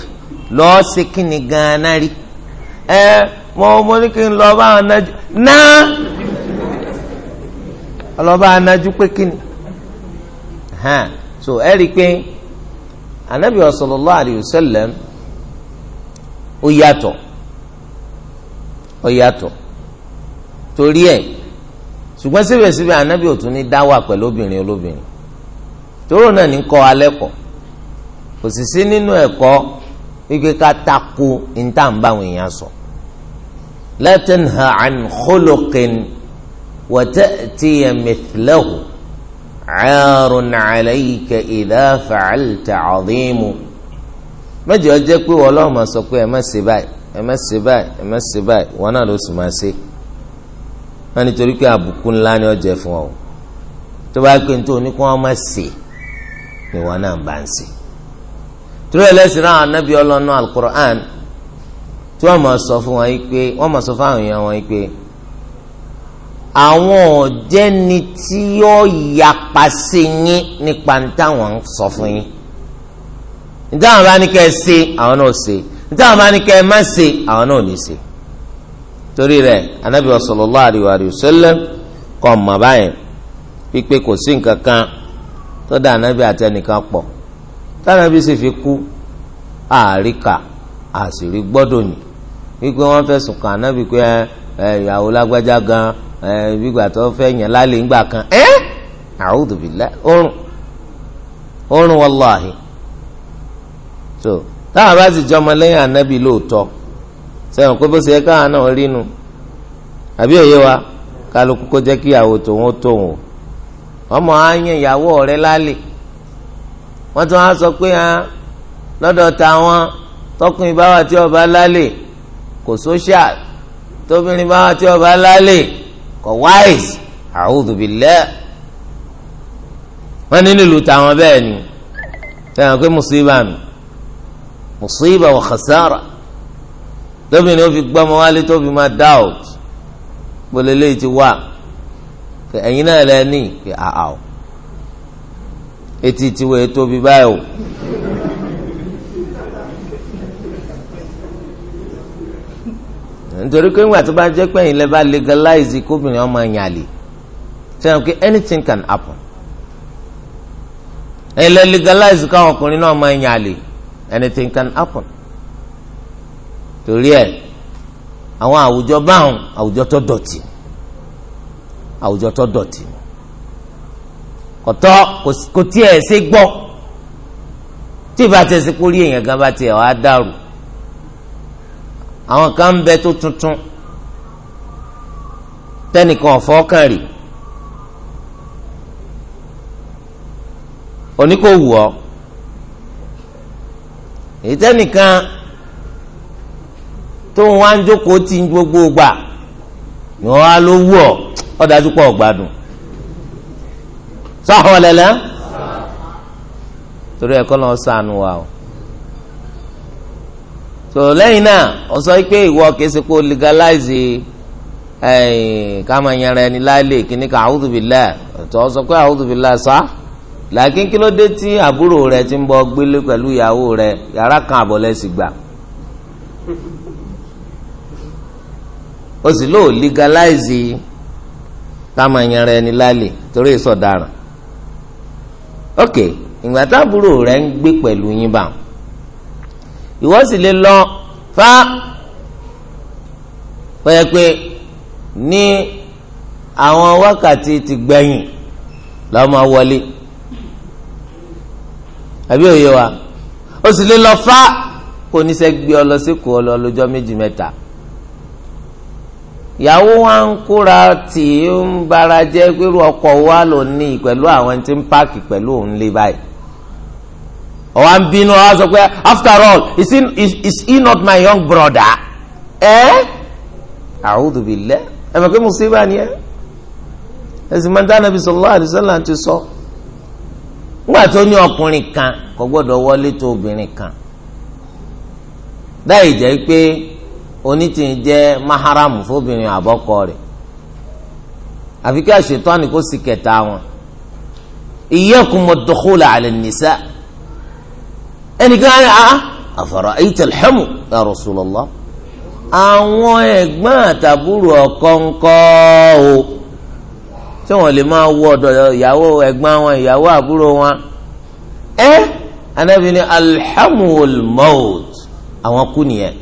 lọ́ọ́ sí kíni gan-an rí ẹ mo mo ní kí n lọ bá anájú náà ọlọ́ba anájú pé kíni so ẹ rí i pé anabi sallallahu alayhi wa sallam ó yàtọ̀ ó yàtọ̀ torí ẹ̀ ṣùgbọ́n síbẹ̀síbẹ̀ anabi ò tún ní dáwà pẹ̀lú obìnrin olóbìnrin tóró náà ní kọ́ alẹ́ kọ́ kò sì sí nínú ẹ̀kọ́ wípé ká tako ìtàǹbà àwọn èèyàn sọ la tanha an khuluqin wa ta'tiya mithlahu aarun alayka idha fa'alta azimu mẹjọ jẹ pé wọn lọ́ọ́ máa sọ pé ẹ má ṣe báyìí ẹ má ṣe báyìí ẹ má ṣe báyìí wọn náà ló sì máa ṣe wọn nítorí pé àbùkù ńlá ni ó jẹ́ fún ọ tó bá pè nítorí ní kí wọn má ṣe ni wọn náà bá ń ṣe torí ẹlẹ́sìn náà anábì ọlọ́nà alukur'an tí wọ́n máa sọ fún wọn yìí pé wọ́n máa sọ fún àwọn èèyàn wọn yìí pé àwọn ọ̀jẹ́ni tí yóò yapa sí yín nípa táwọn ń sọ fún yín nítawọn bá ní kẹ́ ẹ ṣe àwọn náà ṣe nítawọn bá ní kẹ́ ẹ má ṣe àwọn náà ní ṣe torí rẹ̀ anabi sallallahu alaihi wa sallam kọ mọ báyẹn pípé kò sí nǹkan kan tó dá anabi àtẹnìkan pọ̀ tànàbí sì fi kú àríkà àṣírí gbọ́dọ̀ yìí wípé wọ́n fẹ̀sùn kàn anabi pé ẹ ìyàwó lágbájá gan ẹ gbígbà tó fẹ́ yàn lálẹ́ ńgbà kan ẹ a'udhu billah oorun oorun wàláhì so táwọn bá sì jọ ọmọ lẹ́yìn ànábì lóòótọ́ sẹ́wọ̀n pé bó ṣe káwọn náà rí nu àbí òye wa kálukú kó jẹ́ kí ìyàwó tòun ó tóun o ọmọ àyàn ìyàwó rẹ̀ lálẹ́ wọ́n tún á sọ pé ah, lọ́dọ̀ táwọn tọkùn ìbáwá tí ọba lálẹ́ kò social tóbìnrin báwá tí ọba lálẹ́ kọ wáìs àwùdùbílẹ̀ wọn ní nílùú táwọn bẹ́ẹ̀ ni fẹ́ràn pé mùsùlùmí mi mùsùlùmí wà kàsára tóbìnrin ó fi gbọ́mọ wálé tó fi máa dáòt ti wà pé ẹ̀yin náà lẹ́ ní pé àá o etí tiwọ̀ ètò bíbáyò. nítorí pé ńgbà tó bá jẹ́ pé ẹ̀yin lẹ́ bá legalize kóbìnrin ọmọ ẹ̀yàn àlè sẹ́yìn pé anything can happen ẹ̀yin lẹ́ legalize káwọn ọkùnrin náà ọmọ ẹ̀yàn àlè anything can happen torí ẹ̀ àwọn àwùjọ báwọn àwùjọ tó dọ̀tí àwùjọ tó dọ̀tí kọ̀tọ́ kò tiẹ̀ ṣe gbọ́ tí ìbá tẹ̀ sí kórìí èèyàn gan bá tiẹ̀ wá dàrú àwọn kan ń bẹ tó tuntun tẹnìkan ọ̀fọ́kàn rì oníkó wù ọ́ èyí tẹnìkan tó ń wá ń jókòó tí ń gbogbo gbà ni wọ́n á ló wù ọ́ ọ́ dájú pọ̀ gbádùn sọ́họ́ lẹ́lẹ́ torí ẹ̀kọ́ náà sànù wa o. so lẹ́yìn náà ó sọ pé ìwọ kìí ṣe kó legalize eh, káma yanra ẹni láìlè kíní kan a'udhu billah ọ̀tọ̀ ó sọ pé a'udhu billah sá làákín kí ló dé tí àbúrò rẹ ti ń bọ gbélé pẹ̀lú ìyàwó rẹ yàrá kan àbọ̀lẹ́sì gbà ó sì lóò legalize káma ẹni láìlè torí ok ìgbà rẹ ń gbé pẹ̀lú ìwọ sì lè lọ fa pẹ́ẹ́pẹ́ ní àwọn wákàtí ti gbẹ̀yìn lọ́mọ wọlé àbí òye wa ó sì lè lọ fa kó oníṣẹ́ gbé ọ lọ sí kó ọ lọ lọ́jọ́ méjì mẹ́ta ìyàwó wa ń kóra tì í ń bara jẹ́ pé ọkọ̀ wa lò ní pẹ̀lú àwọn tí ń páàkì pẹ̀lú òun lé báyìí ọ̀wá ń bínú ọ̀wá sọ pé after all is he, is, is he not my young brother? ẹ́ a'udhu billah ẹ̀ mọ̀ pé musiba ni ẹ́ ẹ̀sìn máa ń dáná bí sallallahu alaihi wasallam ti sọ nígbà tó ní ọkùnrin kan kò gbọ́dọ̀ wọlé tó obìnrin kan dáì jẹ́ pé onítìyìn jẹ́ maharamu fóbìnrin àbọ́kọ rẹ̀ àfi kí àṣetọ́ àni kó sì kẹta wọn iyyakum wad-dukhul ala an-nisa. ẹnìkan á àfàrà ayíta lẹ́mù ya Rasulullah àwọn ẹ̀gbọ́n àtàbúrò ọkọ o tí wọ́n lè máa wọ ọ̀dọ̀ ìyàwó wọn ìyàwó àbúrò wọn ẹ anabi ni alhamul maut àwọn kú nìyẹn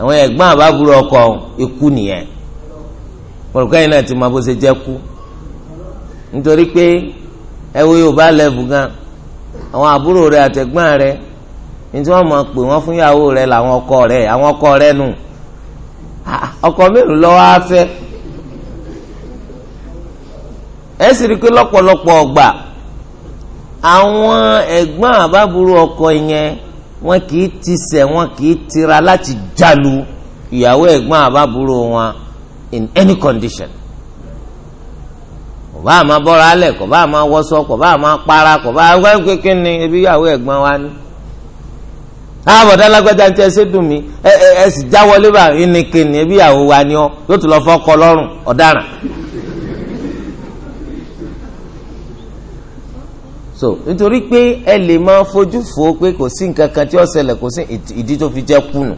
àwọn ẹ̀gbọ́n àbábúrò ọkọ ikú nìyẹn mọ̀lùkọ́ yìí náà ti máa bó ṣe jẹ́ kú nítorí pé ẹ wo àwọn àbúrò rẹ àtẹ̀gbọ́n rẹ ní tí wọ́n mọ̀ pé wọ́n fún ìyàwó rẹ làwọn ọkọ rẹ àwọn ọkọ rẹ nù ah, ọkọ mélòó lọ́wọ́ á fẹ́ ẹ sì rí i pé lọ́pọ̀lọpọ̀ ọgbà àwọn ẹ̀gbọ́n àbábúrò ọkọ yẹn wọn kì í ti sẹ̀ wọn kì í tira láti jalu ìyàwó ẹ̀gbọ́n àbábúrò wọn in any condition kò bá àmà bọ́ra alẹ̀ kò bá àmà wọ́sọ kò bá àmà para kò bá àwọn kékeré ni ebi ìyàwó ẹ̀gbọ́n wa ni. àbọ̀dá alágbádá ti ẹsẹ̀ dùn mí ẹ ẹ ẹ sì jáwọlé bá ìnìkè ni ebi ìyàwó wa ni ọ yóò tún lọ fọkọ lọ́rùn ọ̀daràn. so nítorí pé ẹ lè máa fojú fo pé kò sí nǹkan kan tí ó ṣẹlẹ̀ kò sí ìdí tó fi jẹ́ kùnù.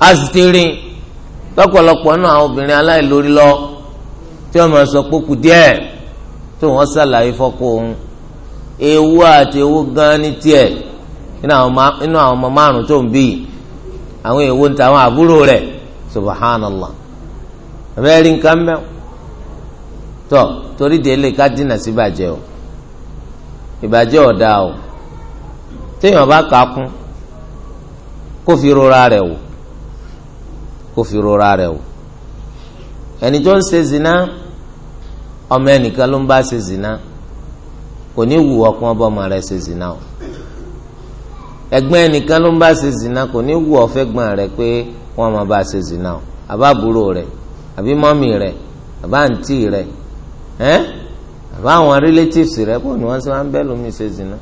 a sì ti rìn lọ́pọ̀lọpọ̀ náà obìnrin aláìlórí lọ́ọ́ tí wọn máa sọ kpókù díẹ̀ tí wọn sàlàyé fọkọ òun ewu àti ewu gan ni inú àwọn ọmọ márùn tó ń bí àwọn ewu ń ta àwọn àbúrò rẹ̀ subhanallah abẹ́rẹ́ rí nǹkan torí délé ká dínà sí ìbàjẹ́ o ìbàjẹ́ o kà á kún kó fi rora zina ọmọ ẹnìkan ló ń bá ṣe zina kò ní wù ọkùn ọba ọmọ rẹ ṣe zina o ẹ̀gbọ́n ẹnìkan ló ń bá ṣe zina kò ní wù ọfẹgbọn rẹ pé wọn máa bá ṣe zina o àbábúrò rẹ àbí mọ́mì rẹ àbáǹtì rẹ ẹ́ àbáwọn relatives rẹ bó ni wọ́n ṣe wọ́n bẹ́ẹ̀ lómi ṣe zina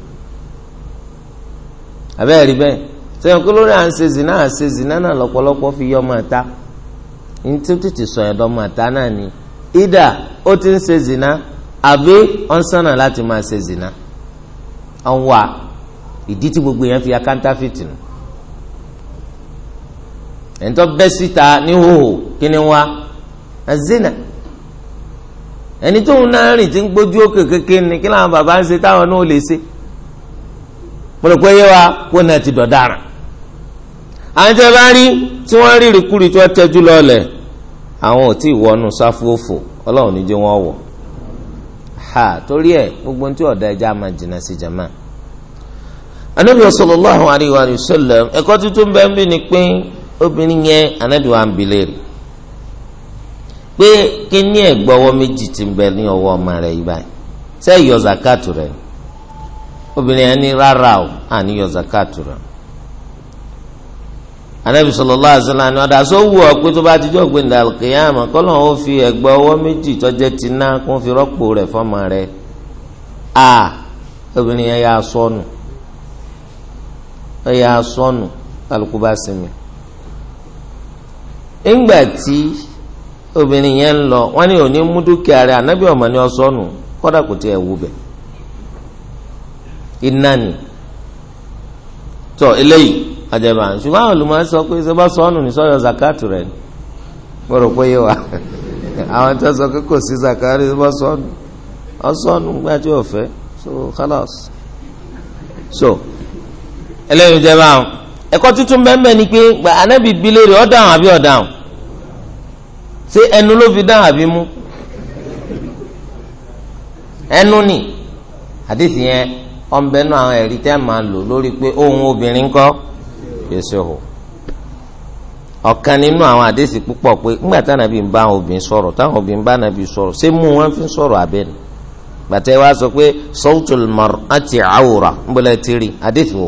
àbẹ́ẹ̀ rí bẹ́ẹ̀ sẹ́yìn kó lórí à ń ṣe zina à ń ṣe zina náà lọ́pọ̀lọpọ̀ fi yọ ọmọ ta ní tí ó tètè sọ ẹ̀dọ́ ọmọ ta náà ni ìdá ó ti ń ṣe zina àbí ó ń sànà láti máa ṣe zina ó ń wà ìdí tí gbogbo yẹn fi akáńtà fìtì ẹ̀ńtọ́ bẹ́ síta ní kí ni wá zina ẹni tóun náà rìn tí ń gbójú òkè kékeré ni kí làwọn bàbá ń ṣe táwọn náà lè ṣe pọ̀lọpọ̀ yẹ wa kó náà ti dọ̀daràn àwọn tí wọ́n bá rí tí àwọn ò tí ì wọnú sáfúòfò ọlọ́run níjẹ́ wọn wọ̀ ha torí ẹ gbogbo tí ọ̀dà ẹja máa jìnnà sí jama. anabi sallallahu alayhi wa sallam ẹkọ tuntun bẹ́ẹ̀ ń bí ni pé obìnrin yẹn anabi wa ń pé méjì ti ń bẹ ní ọmọ yìí báyìí yọ zakatu obìnrin yẹn ní rárá anabi sallallahu alaihi wasallam ọdọ àṣọ wù ọ pé tó bá ti jọ gbẹndà alqiyama kọlọ ó fi ti kó fi rẹ a obìnrin yẹn yà sọnù ẹ yà sọnù kálukú bá sinmi tí obìnrin yẹn lọ wọn ni òní mú dúkìá rẹ̀ anabi ọmọ ni ọ sọnù eléyìí àjẹbà ṣùgbọ́n àwọn sọ pé ṣe bá sọ ọ́nù ní sọ́yọ̀ zakatu rẹ̀ ni mo rò pé yé àwọn tó sọ pé kò sí zakari bá sọ ọ́nù so khalas so eléyìí jẹba àwọn ẹ̀kọ́ tuntun bẹ́ẹ̀ ni pé gba anábì àbí ṣé ẹnu ló fi dáhùn àbí mú ẹnu ni àdéhìí ọ̀nbẹ náà àwọn ẹ̀rí tẹ́ máa lò lórí pé ohun obìnrin kọ́ yẹsẹ o ọ̀kan nínú àwọn àdéhìsì púpọ̀ pé ńgbà táwọn àbí ń bá obìnrin sọ̀rọ̀ táwọn obìnrin bá nàbí sọ̀rọ̀ ṣé mú wọn fi sọ̀rọ̀ abẹ́nu gbàtẹ́ wa sọ pé sawtul mar'ati awra ńbọ̀lẹ̀ tìrì àdéhìsì o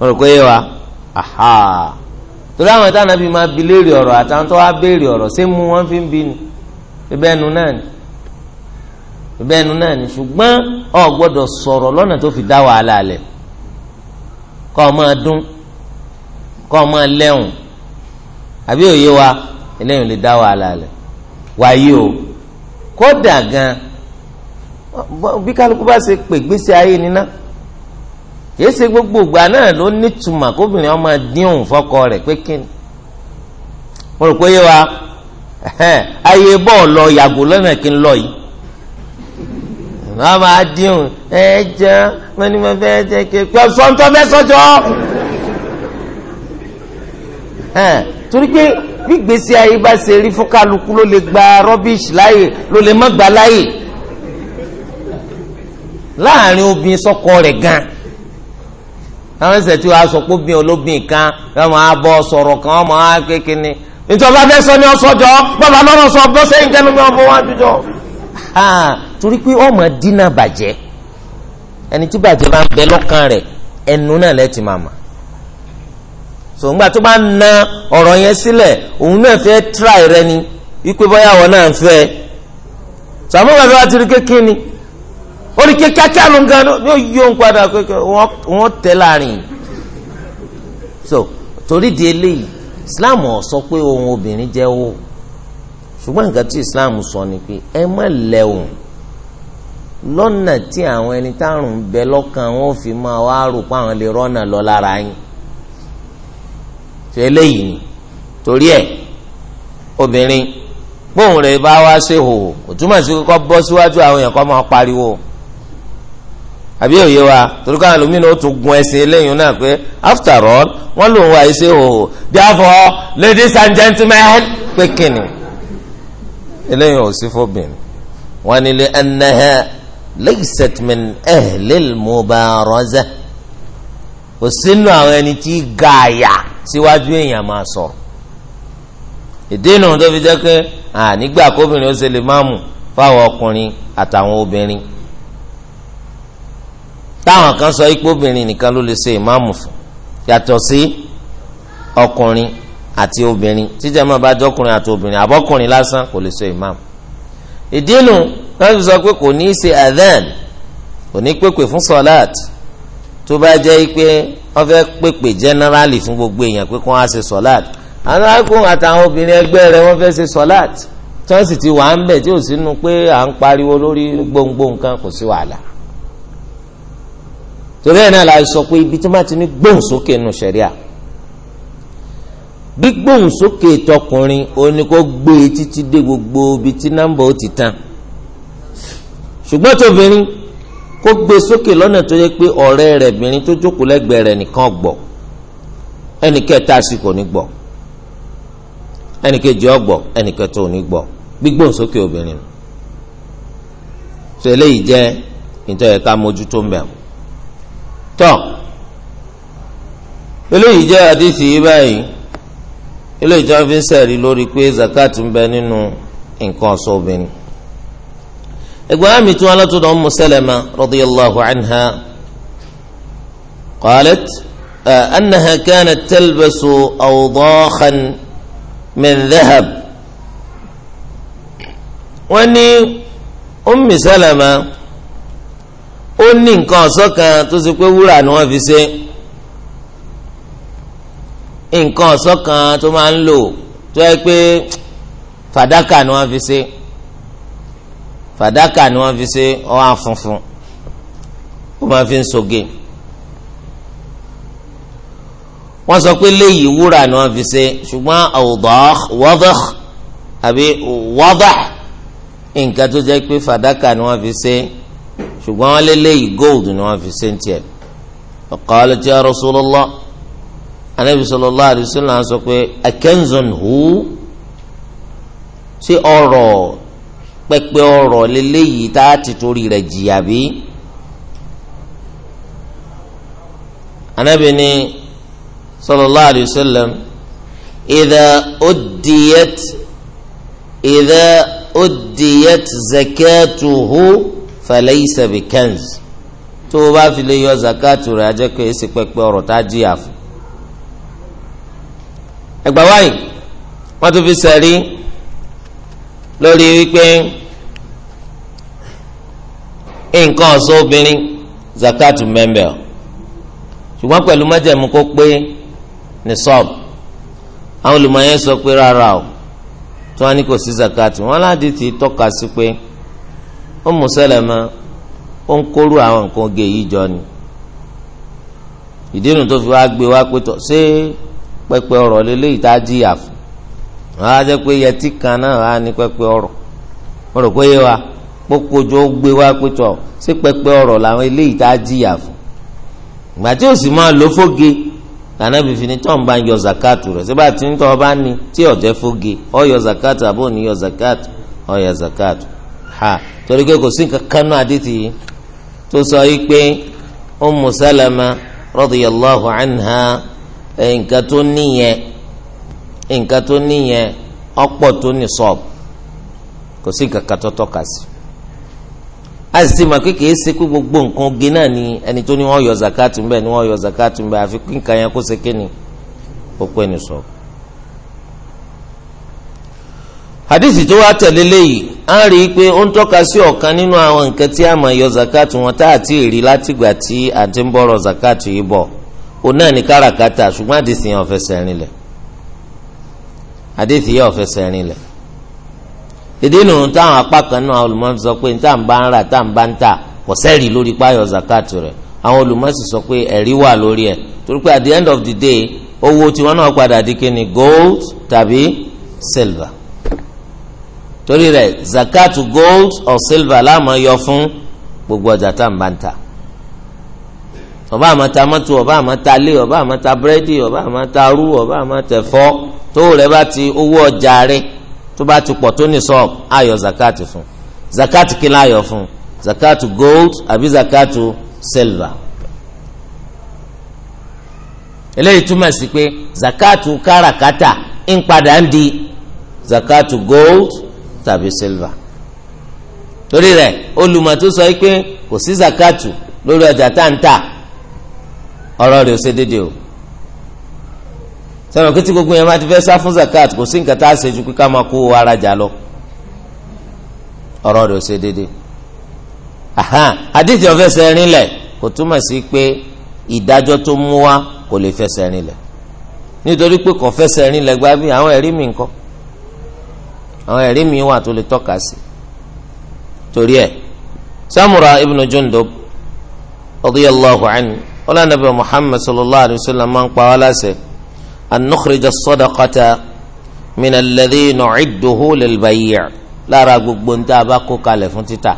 wọ́n rò pé aha torí àwọn táwọn àbí máa bi léèrè àtàwọn tó wá béèrè ṣé mú wọn fi bẹ́ẹ̀nu náà ni ṣùgbọ́n ọ gbọ́dọ̀ sọrọ lọnà tó fi dá wàhálà lẹ̀ kọ́ ọ máa dún kọ́ ọ máa lẹ́hùn àbí òye wa eléyìí lè dá wàhálà lẹ̀ wàyí o kódà gan bí kálukú bá ṣe pè gbèsè ayé níná kìí ṣe gbogbo ìgbà náà ló nítumọ̀ kóbìnrin ọmọ díhùn fọkọ rẹ̀ pé kíni mo rò pé yé wa ayé bọ́ọ̀ lọ yàgò lọ́nà kí n lọ yìí wọn máa dín ẹ jẹ wọn ni wọn fẹẹ jẹ ké pẹ sọńtọ bẹ sọjọ ẹ torí pé bí gbèsè ayé bá ṣe rí fún kálukú ló lè gba rubbish láàyè ló lè má gbà láàyè láàrin obìnrin sọkọ rẹ̀ gan àwọn ẹsẹ tí wàá sọ pé obìnrin olóbìnrin kan wọn máa bọ sọ̀rọ̀ kan wọn máa kékeré ni nítorí wọn bá fẹẹ sọ ní ọsọjọ bàbá lọrọ sọ bọ sẹ́yìn kẹnu mi wọn bọ wọn torí pé ọmọ dínà bàjẹ́ ẹni tí bàjẹ́ bá ń bẹ lọ́kàn rẹ̀ ẹnu náà lẹ́tì máa mà sòǹgbà tó bá na ọ̀rọ̀ yẹn sílẹ̀ òun náà fẹ́ tíráì rẹ ni wípé bóyá wọn náà ń fẹ́ sàmúlò bàbá wa ti rí kékeré ni ó rí kékeré kíá ló ń gan yóò yóò ń padà kékeré wọn tẹ láàrin so torí di eléyìí Islam ọ̀ sọ pé ohun obìnrin jẹ́ wò ṣùgbọ́n nǹkan tí Islam sọ ni pé ẹ má lẹ́wọ̀n lọ́nà tí àwọn ẹni tárùn bẹ lọ́kàn wọn ò fi máa wá rò pé àwọn lè rọ́nà lọ lára yín ṣe eléyìí ni torí ẹ obìnrin bóun rẹ̀ bá wá ṣe hòhò kò túmọ̀ sí kó bọ́ síwájú àwọn èèyàn kó máa pariwo àbí òye wa torí káwọn ẹlòmínú ó tún gun ẹsẹ̀ eléyìí náà pé after all wọn lòun wá ẹsẹ̀ hòhò therefore ladies and gentlemen pé kìnnì eléyìí ò sí fóbìnrin wọn nílé ẹnẹhẹ laysat min ahlil mubaraza kò sínú àwọn ẹni tí gààyà síwájú èèyàn máa sọ̀rọ̀ ìdí inú tó fi jẹ́ pé nígbà kóbìnrin ó ṣe lè máa mú fáwọn ọkùnrin àtàwọn obìnrin táwọn kan sọ ipò obìnrin nìkan ló lè ṣe ìmáàmù fún yàtọ̀ sí ọkùnrin àti obìnrin tíjẹ́ máa bá jọkùnrin àti obìnrin àbọ̀kùnrin lásán kò lè ṣe ìmáàmù ìdínú wọn fi sọ pé kò ní í ṣe adhan kò ní pèpè fún sọláàt tó bá jẹ́ pé wọ́n fẹ́ pèpè jẹ́nẹ́rálì fún gbogbo èèyàn pé kí wọ́n á ṣe sọláàt àwọn akóhùn àtàwọn obìnrin ẹgbẹ́ rẹ̀ wọ́n fẹ́ ṣe sọláàt tí wọ́n sì ti wà ń bẹ̀ tí ò sínú pé à ń pariwo lórí gbòǹgbò nǹkan kò sí wàhálà torí ẹ̀ náà la sọ pé ibi tí wọ́n ti ní gbòǹsókè nù sẹ̀ríà gbígbóhùn sókè tọkùnrin òní kò gbé e títí dé gbogbo ibi tí nọ́mbà ó ti tán ṣùgbọ́n tóbìnrin kó gbé e sókè lọ́nà tó yẹ pé ọ̀rẹ́ rẹ̀ bìnrin tó jókòó lẹ́gbẹ̀ẹ́ rẹ̀ nìkan gbọ́ ẹnì kẹta sì kò ní gbọ́ ẹnì kejì ó gbọ́ ẹnì kẹta ò ní gbọ́ gbígbóhùn sókè obìnrin so eléyìí jẹ́ nítorí ká mójútó ń bẹ̀ tọ́ eléyìí jẹ́ àdìsí báyìí ilé ìjọba fi ń sẹ̀rí lórí pé zakat ń bẹ nínú nǹkan ọ̀ṣọ́ obìnrin ẹgbẹ́ àmì tí wọn látọ̀dọ̀ Ummu Salama radiyallahu anha qalat annaha kanat talbasu awdakhan min dhahab wọ́n ní Ummu Salama ó ní nǹkan ọ̀ṣọ́ kan tó ṣe pé wúrà ni wọ́n fi ṣe é nǹkan ọ̀ṣọ́ kan tó máa ń lò tó yẹ pé fàdákà ni wọ́n fi ṣe fàdákà ni wọ́n fi ṣe ọwọ́ afunfun ó máa fi ń soge wọ́n sọ pé léyìí wúrà ni wọ́n fi ṣe ṣùgbọ́n awdakh wadakh àbí wadah nǹkan tó jẹ́ pé fàdákà ni wọ́n fi ṣe ṣùgbọ́n wọ́n lé léyìí gold ni wọ́n fi ṣe ń tiẹ̀. qalat ya Rasulullah anabi sallallahu alaihi wasallam sọ pé akẹ́ńzọ̀n hù sí ọ̀rọ̀ pẹpẹ ọ̀rọ̀ lélẹ́yìí tá a ti torí rẹ̀ jìyà bí. anabi ni sallallahu alaihi wasallam idha uddiyat idha uddiyat zakatuhu falaysa bikanz tó o bá fi lè yọ zakatu rẹ̀ ajẹ́ pé èsì pẹpẹ ọ̀rọ̀ tá a jìyà fún ẹgbà wáyé wọn tún fi sẹrí lórí wípé nǹkan ọ̀sọ́ obìnrin zakatu mẹ́mbẹ́ ọ̀ ṣùgbọ́n pẹ̀lú májẹ̀mú kó pé ní sọ́ọ̀bù àwọn olùmọ̀ọ́yẹ́ sọ pé rárá o tí wọ́n ní kò sí zakatu wọn láti ti tọ́ka sí pé ó mú sẹ́lẹ̀mọ́ ó ń kóró àwọn nǹkan oge yìí jọ ni ìdí nu tó fi wá gbé wá pé tọ́ ṣé. pẹpẹ ọrọ lélẹyìí tá a jìyà fún wọn á jẹ pé yẹtí kan náà á ní pẹpẹ ọ̀rọ̀ rò pé wa kókó gbé sí pẹpẹ ọ̀rọ̀ làwọn eléyìí tá a jìyà fún ìgbà tí ó fi ni tó ń bá zakatu rẹ síbà tí ń tọ́ ọ bá ní ọ yọ zakatu àbò ní zakatu ọ yọ zakatu ha torí pé kò sí kankan náà àdìtì yìí tó sọ yìí pé anha. Eh, nǹkan tó níyẹn nǹkan tó níyẹn ọ̀pọ̀ tó ní sọ́ọ̀bù kò sí kankan tó a sì ma mọ̀ gbogbo nǹkan oge náà ni ẹni tó ní yọ zakati ń ni yọ zakati ń àfi yẹn kó hadithi tó wá tẹ̀lé léyìí a máa yọ zakati wọn tá àti rí tí òun ni karakata, káràkátà ṣùgbọ́n àdìsí yẹn ò fẹsẹ̀ rinlẹ̀ àdìsí yẹn ò fẹsẹ̀ rinlẹ̀ ìdí nu táwọn apá kan náà olùmọ̀ọ́ sọ pé tá à ń bá ń rà tá à ń bá ń tà kò sẹ́ẹ̀rì lórí páyọ̀ zakat rẹ̀ àwọn olùmọ̀ọ́ sọ pé ẹ̀rí wà lórí ẹ̀ torí pé at the end of the day owó tiwọn náà padà di ni gold tàbí silver torí rẹ̀ zakat gold or silver láàmú yọ fún gbogbo ọjà tá ń bá ń tà ọba àmọ́ta mọ́tò ọba àmọ́ta lé ọba àmọ́ta búrẹ́dì ọba àmọ́ta rú ọba àmọ́ta ẹ̀fọ́ tó rẹ bá ti owó ọjà rẹ tó bá ti pọ̀ tó ní sọ ayọ̀ zakat fún zakat kí n láyọ̀ fún zakat gold àbí zakat silver eléyìí túmọ̀ sí pé zakatu káràkátà ń padà ń di zakatu gold tàbí silver torí rẹ̀ olùmọ̀ sọ pé kò sí zakatu lórí ọjà tá ń tà Ọrọ rẹ̀ ò o sẹ́wọ̀n kí tí gbogbo yẹn máa ti fẹ́ sá fún zakat kò sí nǹkan tá a ṣe ju pé ká máa kó owó ara jà lọ ọ̀rọ̀ rẹ̀ ò ṣe déédéé àdìsí ó fẹsẹ̀ kò túmọ̀ sí pé ìdájọ́ tó mú wa kò lè fẹsẹ̀ rinlẹ̀ nítorí pé kò fẹsẹ̀ bí àwọn ọlọ́run nàbẹ̀ muhammed sallallahu alayhi wa sallam máa ń pa wá láṣẹ anukhrija sọdọkọta mina lẹ́dí nu'idduhu lilbayyi' lára gbogbo ní tá a bá kó kalẹ̀ fún títà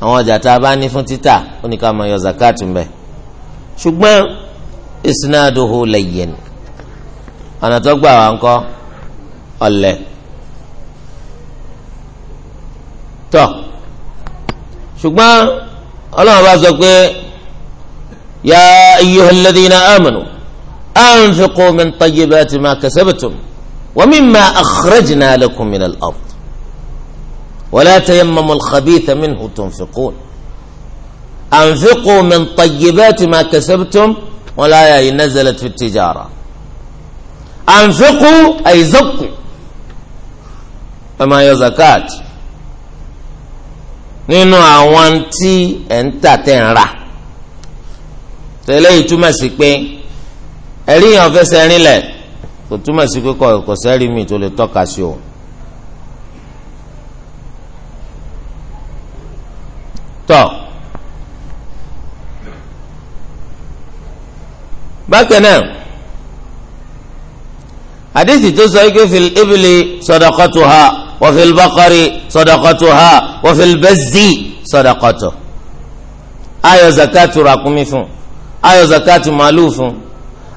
àwọn ọjà tá a bá ní fún títà ó ní ká máa yọ zakatu mbẹ ṣùgbọ́n isnaduhu layyin ọ̀nà tó gbà wá ńkọ́ ọ̀lẹ̀ tọ́ ṣùgbọ́n ọlọ́run bá sọ pé. يا أيها الذين آمنوا أنفقوا من طيبات ما كسبتم ومما أخرجنا لكم من الأرض ولا تيمموا الخبيث منه تنفقون أنفقوا من طيبات ما كسبتم ولا نزلت في التجارة أنفقوا أي زقوا أما هي زكاة nínú àwọn تنرح tẹ́lẹ̀ yìí túmọ̀ sí pé ẹ̀rí yẹn fẹsẹ̀ rinlẹ̀ kò túmọ̀ sí pé kò sẹ́rí mi tó lè tọ́ka sí o. tọ́ bákan náà àdìsí tó sọ ike fil ibili sadaqatuha wa fil baqari sadaqatuha wa fil bazzi sadaqatu ayọ̀ zakatu rakumi fún ayọ zakati màálù fún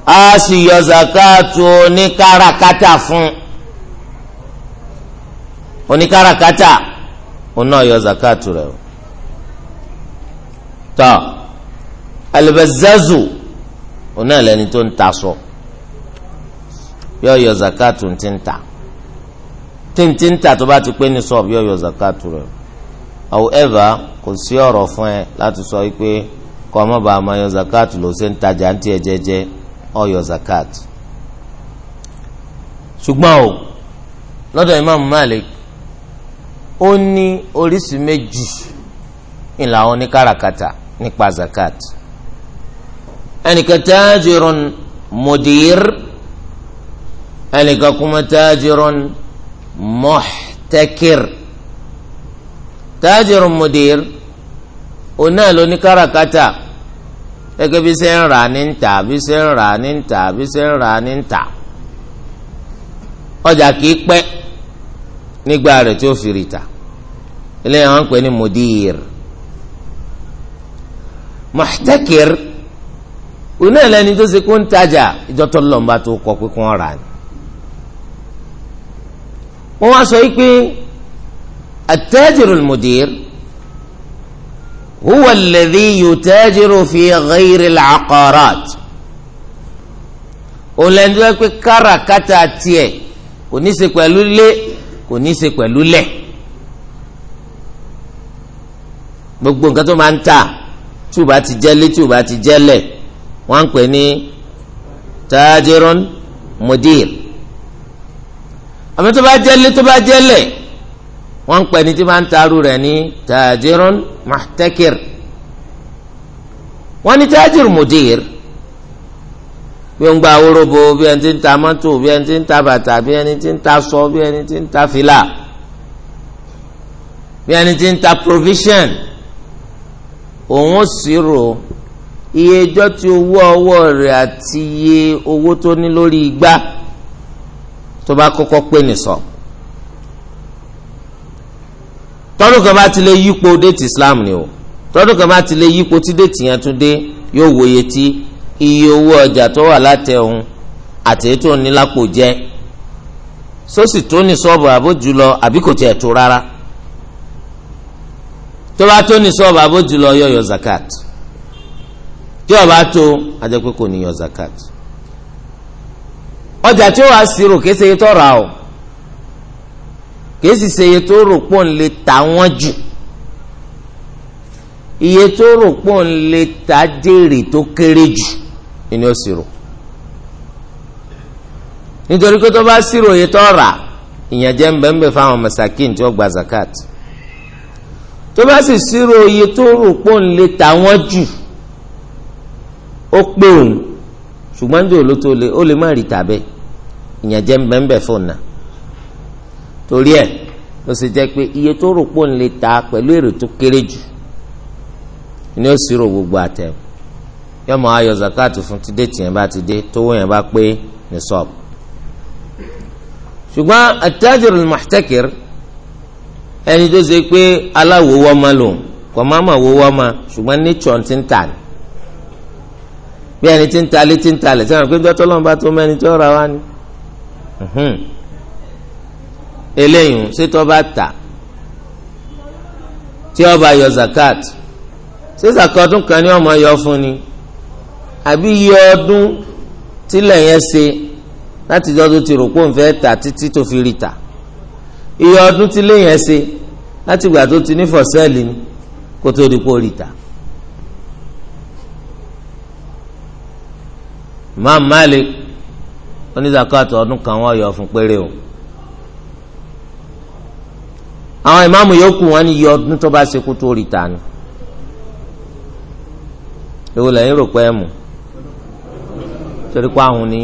a sì yọ zakati oníkàràkátà fún oníkàràkátà òun yọ zakati rẹ o tọ alibazazu òun lẹni tó ń ta sọ yọ yọ zakati ti ń ta tí ń ta tó bá ti pé ní sọọbù yọ yọ zakati rẹ however kò sí ọ̀rọ̀ fún ẹ láti sọ wípé kọ́ ọmọ bàá máa yọ zakat ló ṣe ń tajà ń tiẹ̀ jẹ́jẹ́ ọ yọ zakat. ṣùgbọ́n o lọ́dọ̀ imam malik ó ní oríṣi méjì ìlà àwọn oníkàràkàtà nípa zakat ẹnìkan tajirun mudir ẹnìkan kuma tajirun muhtakir tajirun mudir onáà lóníkàràkàtà gẹ́gẹ́ bí ṣe ń rà ní ń tà bí ṣe ń rà ní ń tà bí ṣe ń rà ní ń tà ọjà kìí pẹ́ nígbà rẹ̀ tí ó fi rìtà eléyà wọn pè ní mudir muhtakir òun náà lẹni tó ṣe kó ń tajà ìjọ tó lọ́nba tó kọ pé kó ń rà ní. wọ́n wá sọ yìí pé at mudir huwa alladhi yutajiru fi ghayri al-aqarat olùdókòwò pé káràkátà tiẹ̀ kò ní í ṣe pẹ̀lú lé kò ní í ṣe pẹ̀lú lẹ̀ gbogbo nǹkan tó máa ń tà tí o bá ti jẹ́ lé tí o bá ti jẹ́ lẹ̀ wọ́n ń pè ní tajirun mudir àmọ́ tó bá jẹ́ lé tó bá jẹ́ lẹ̀ wọ́n ń pè ní tí máa ń taru rẹ̀ ní tajirun muhtakir wọ́n ní tajir mudir bí ń gba aworobo bí ẹni tí ń ta mọ́tò bí ẹni tí ń ta bàtà bí ẹni tí ń ta sọ bí ẹni tí ń ta fìlà bí ẹni tí ń ta provision òun ó ṣírò iye ẹjọ́ tí owó ọwọ́ rẹ̀ àti iye owó tó ní lórí igbá tó bá kọ́kọ́ pè ní sọ. So tọdún kan bá ti lè yípo déètì islam ni o tọdún kan bá ti lè yípo tí déètì yẹn tún dé yóò wòye tí iye owó ọjà tó wà látẹ òun àti ètò onílápò jẹ sósì tó ní sọ́ọ̀bù àbójú lọ àbí kò tiẹ̀ tó rárá tó bá tó ní sọ́ọ̀bù àbójú lọ yọ yọ zakat tí ó bá tó ajẹ́ kò ní yọ zakat ọjà tí ó wà sírò kése tó rà o kìí sì ṣe iye tó rò pọ̀ ń lè tà wọ́n jù iye tó rò pọ̀ ń lè tà dèrè tó kéré jù ni ó sì rò nítorí pé tó bá ṣírò iye tó rà ìyẹn jẹ́ ńbẹ́ńbẹ́ fáwọn masakin tí ó gba zakat tó bá sì ṣírò iye tó rò pọ̀ ń lè wọ́n jù ó pé òun ṣùgbọ́n jò ló tó lè ó lè má rí tàbẹ́ ìyẹn jẹ́ ńbẹ́ńbẹ́ fún un náà torí ẹ̀ ló sì jẹ́ pé iye tó rò pò ń lè ta pẹ̀lú èrè tó kéré jù ni ó sì rò gbogbo àtẹ̀ yóò máa yọ zakat fún ti dé tìyẹn bá ti dé tówó yẹn bá pé ní sọ́ọ̀bù ṣùgbọ́n àtàjùrù mọ̀tẹ́kìrì ẹni tó ṣe pé aláwo wọ́ ma lòun kò má mà wo wọ́ ma ṣùgbọ́n nature ti ń tà ní bí ẹni ti ń talé ti ń talẹ̀ sẹ́wọ̀n pé dọ́tọ́ lọ́nba tó mẹ́ni tó ra wá ni eléyìí ṣé tó bá tà tí ó yọ zakat ṣé zakat ọdún kan ni ọmọ yọ fún ni àbí iye ọdún tílẹ̀ yẹn ṣe láti jọ́ tó ti rò pé òun fẹ́ tà títí tó fi rí tà iye ọdún tílẹ̀ yẹn ṣe láti gbà tó ti ní fọ̀sẹ́ẹ̀lì ni kó tó di pé rí tà. Imam Malik oní zakat ọdún kan wọ́n yọ fún péré o. àwọn ìmáàmù yòókù wọn ni yọ ọdún tó bá ṣe ni ewu lẹ́yìn rò pé ẹ torí àwọn ní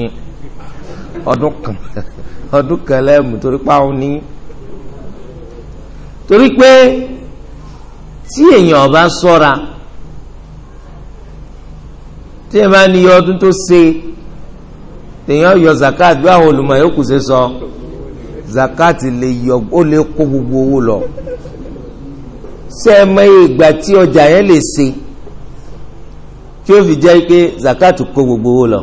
ọdún kan ọdún kan ọba sọ́ra tí èèyàn bá ní ọdún tó ṣe yọ zakat bí àwọn olùmọ̀ yòókù ṣe zakati le yọ o le kó gbogbo owó lọ sẹ́ẹ̀mọ́ ìgbà tí ọjà yẹn lè ṣe tí ó fi jẹ́ pé zakati kó gbogbo owó lọ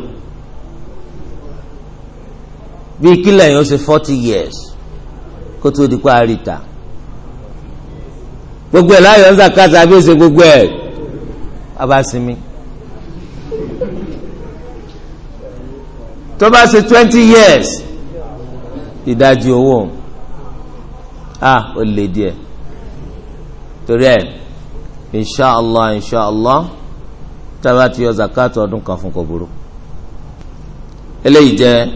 bí kílẹ̀ yẹn ó ṣe forty years kó tó di pa àríta gbogbo ẹ̀ láyọ̀ ń zakati àbí ó ṣe gbogbo ẹ̀ abásimi. tó bá ṣe twenty years ìdajì owó a ó lè díẹ̀ torí ẹ inshàlá inshàlá tábà ti yọ zakat ọdún kan fún kò burú eléyìí jẹ́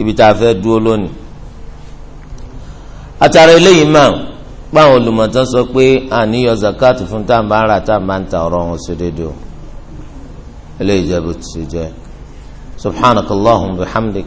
ibi tá a fẹ́ dúró lónìí àtàrà eléyìí máa báwọn olùmọ̀tán sọ pé àníyọ zakat fún táǹbà ń ra táǹbà ń ta ọ̀rọ̀ wọn sí dédé o eléyìí jẹ́ bó ti ṣe jẹ́ subhanakallahumma bihamdik.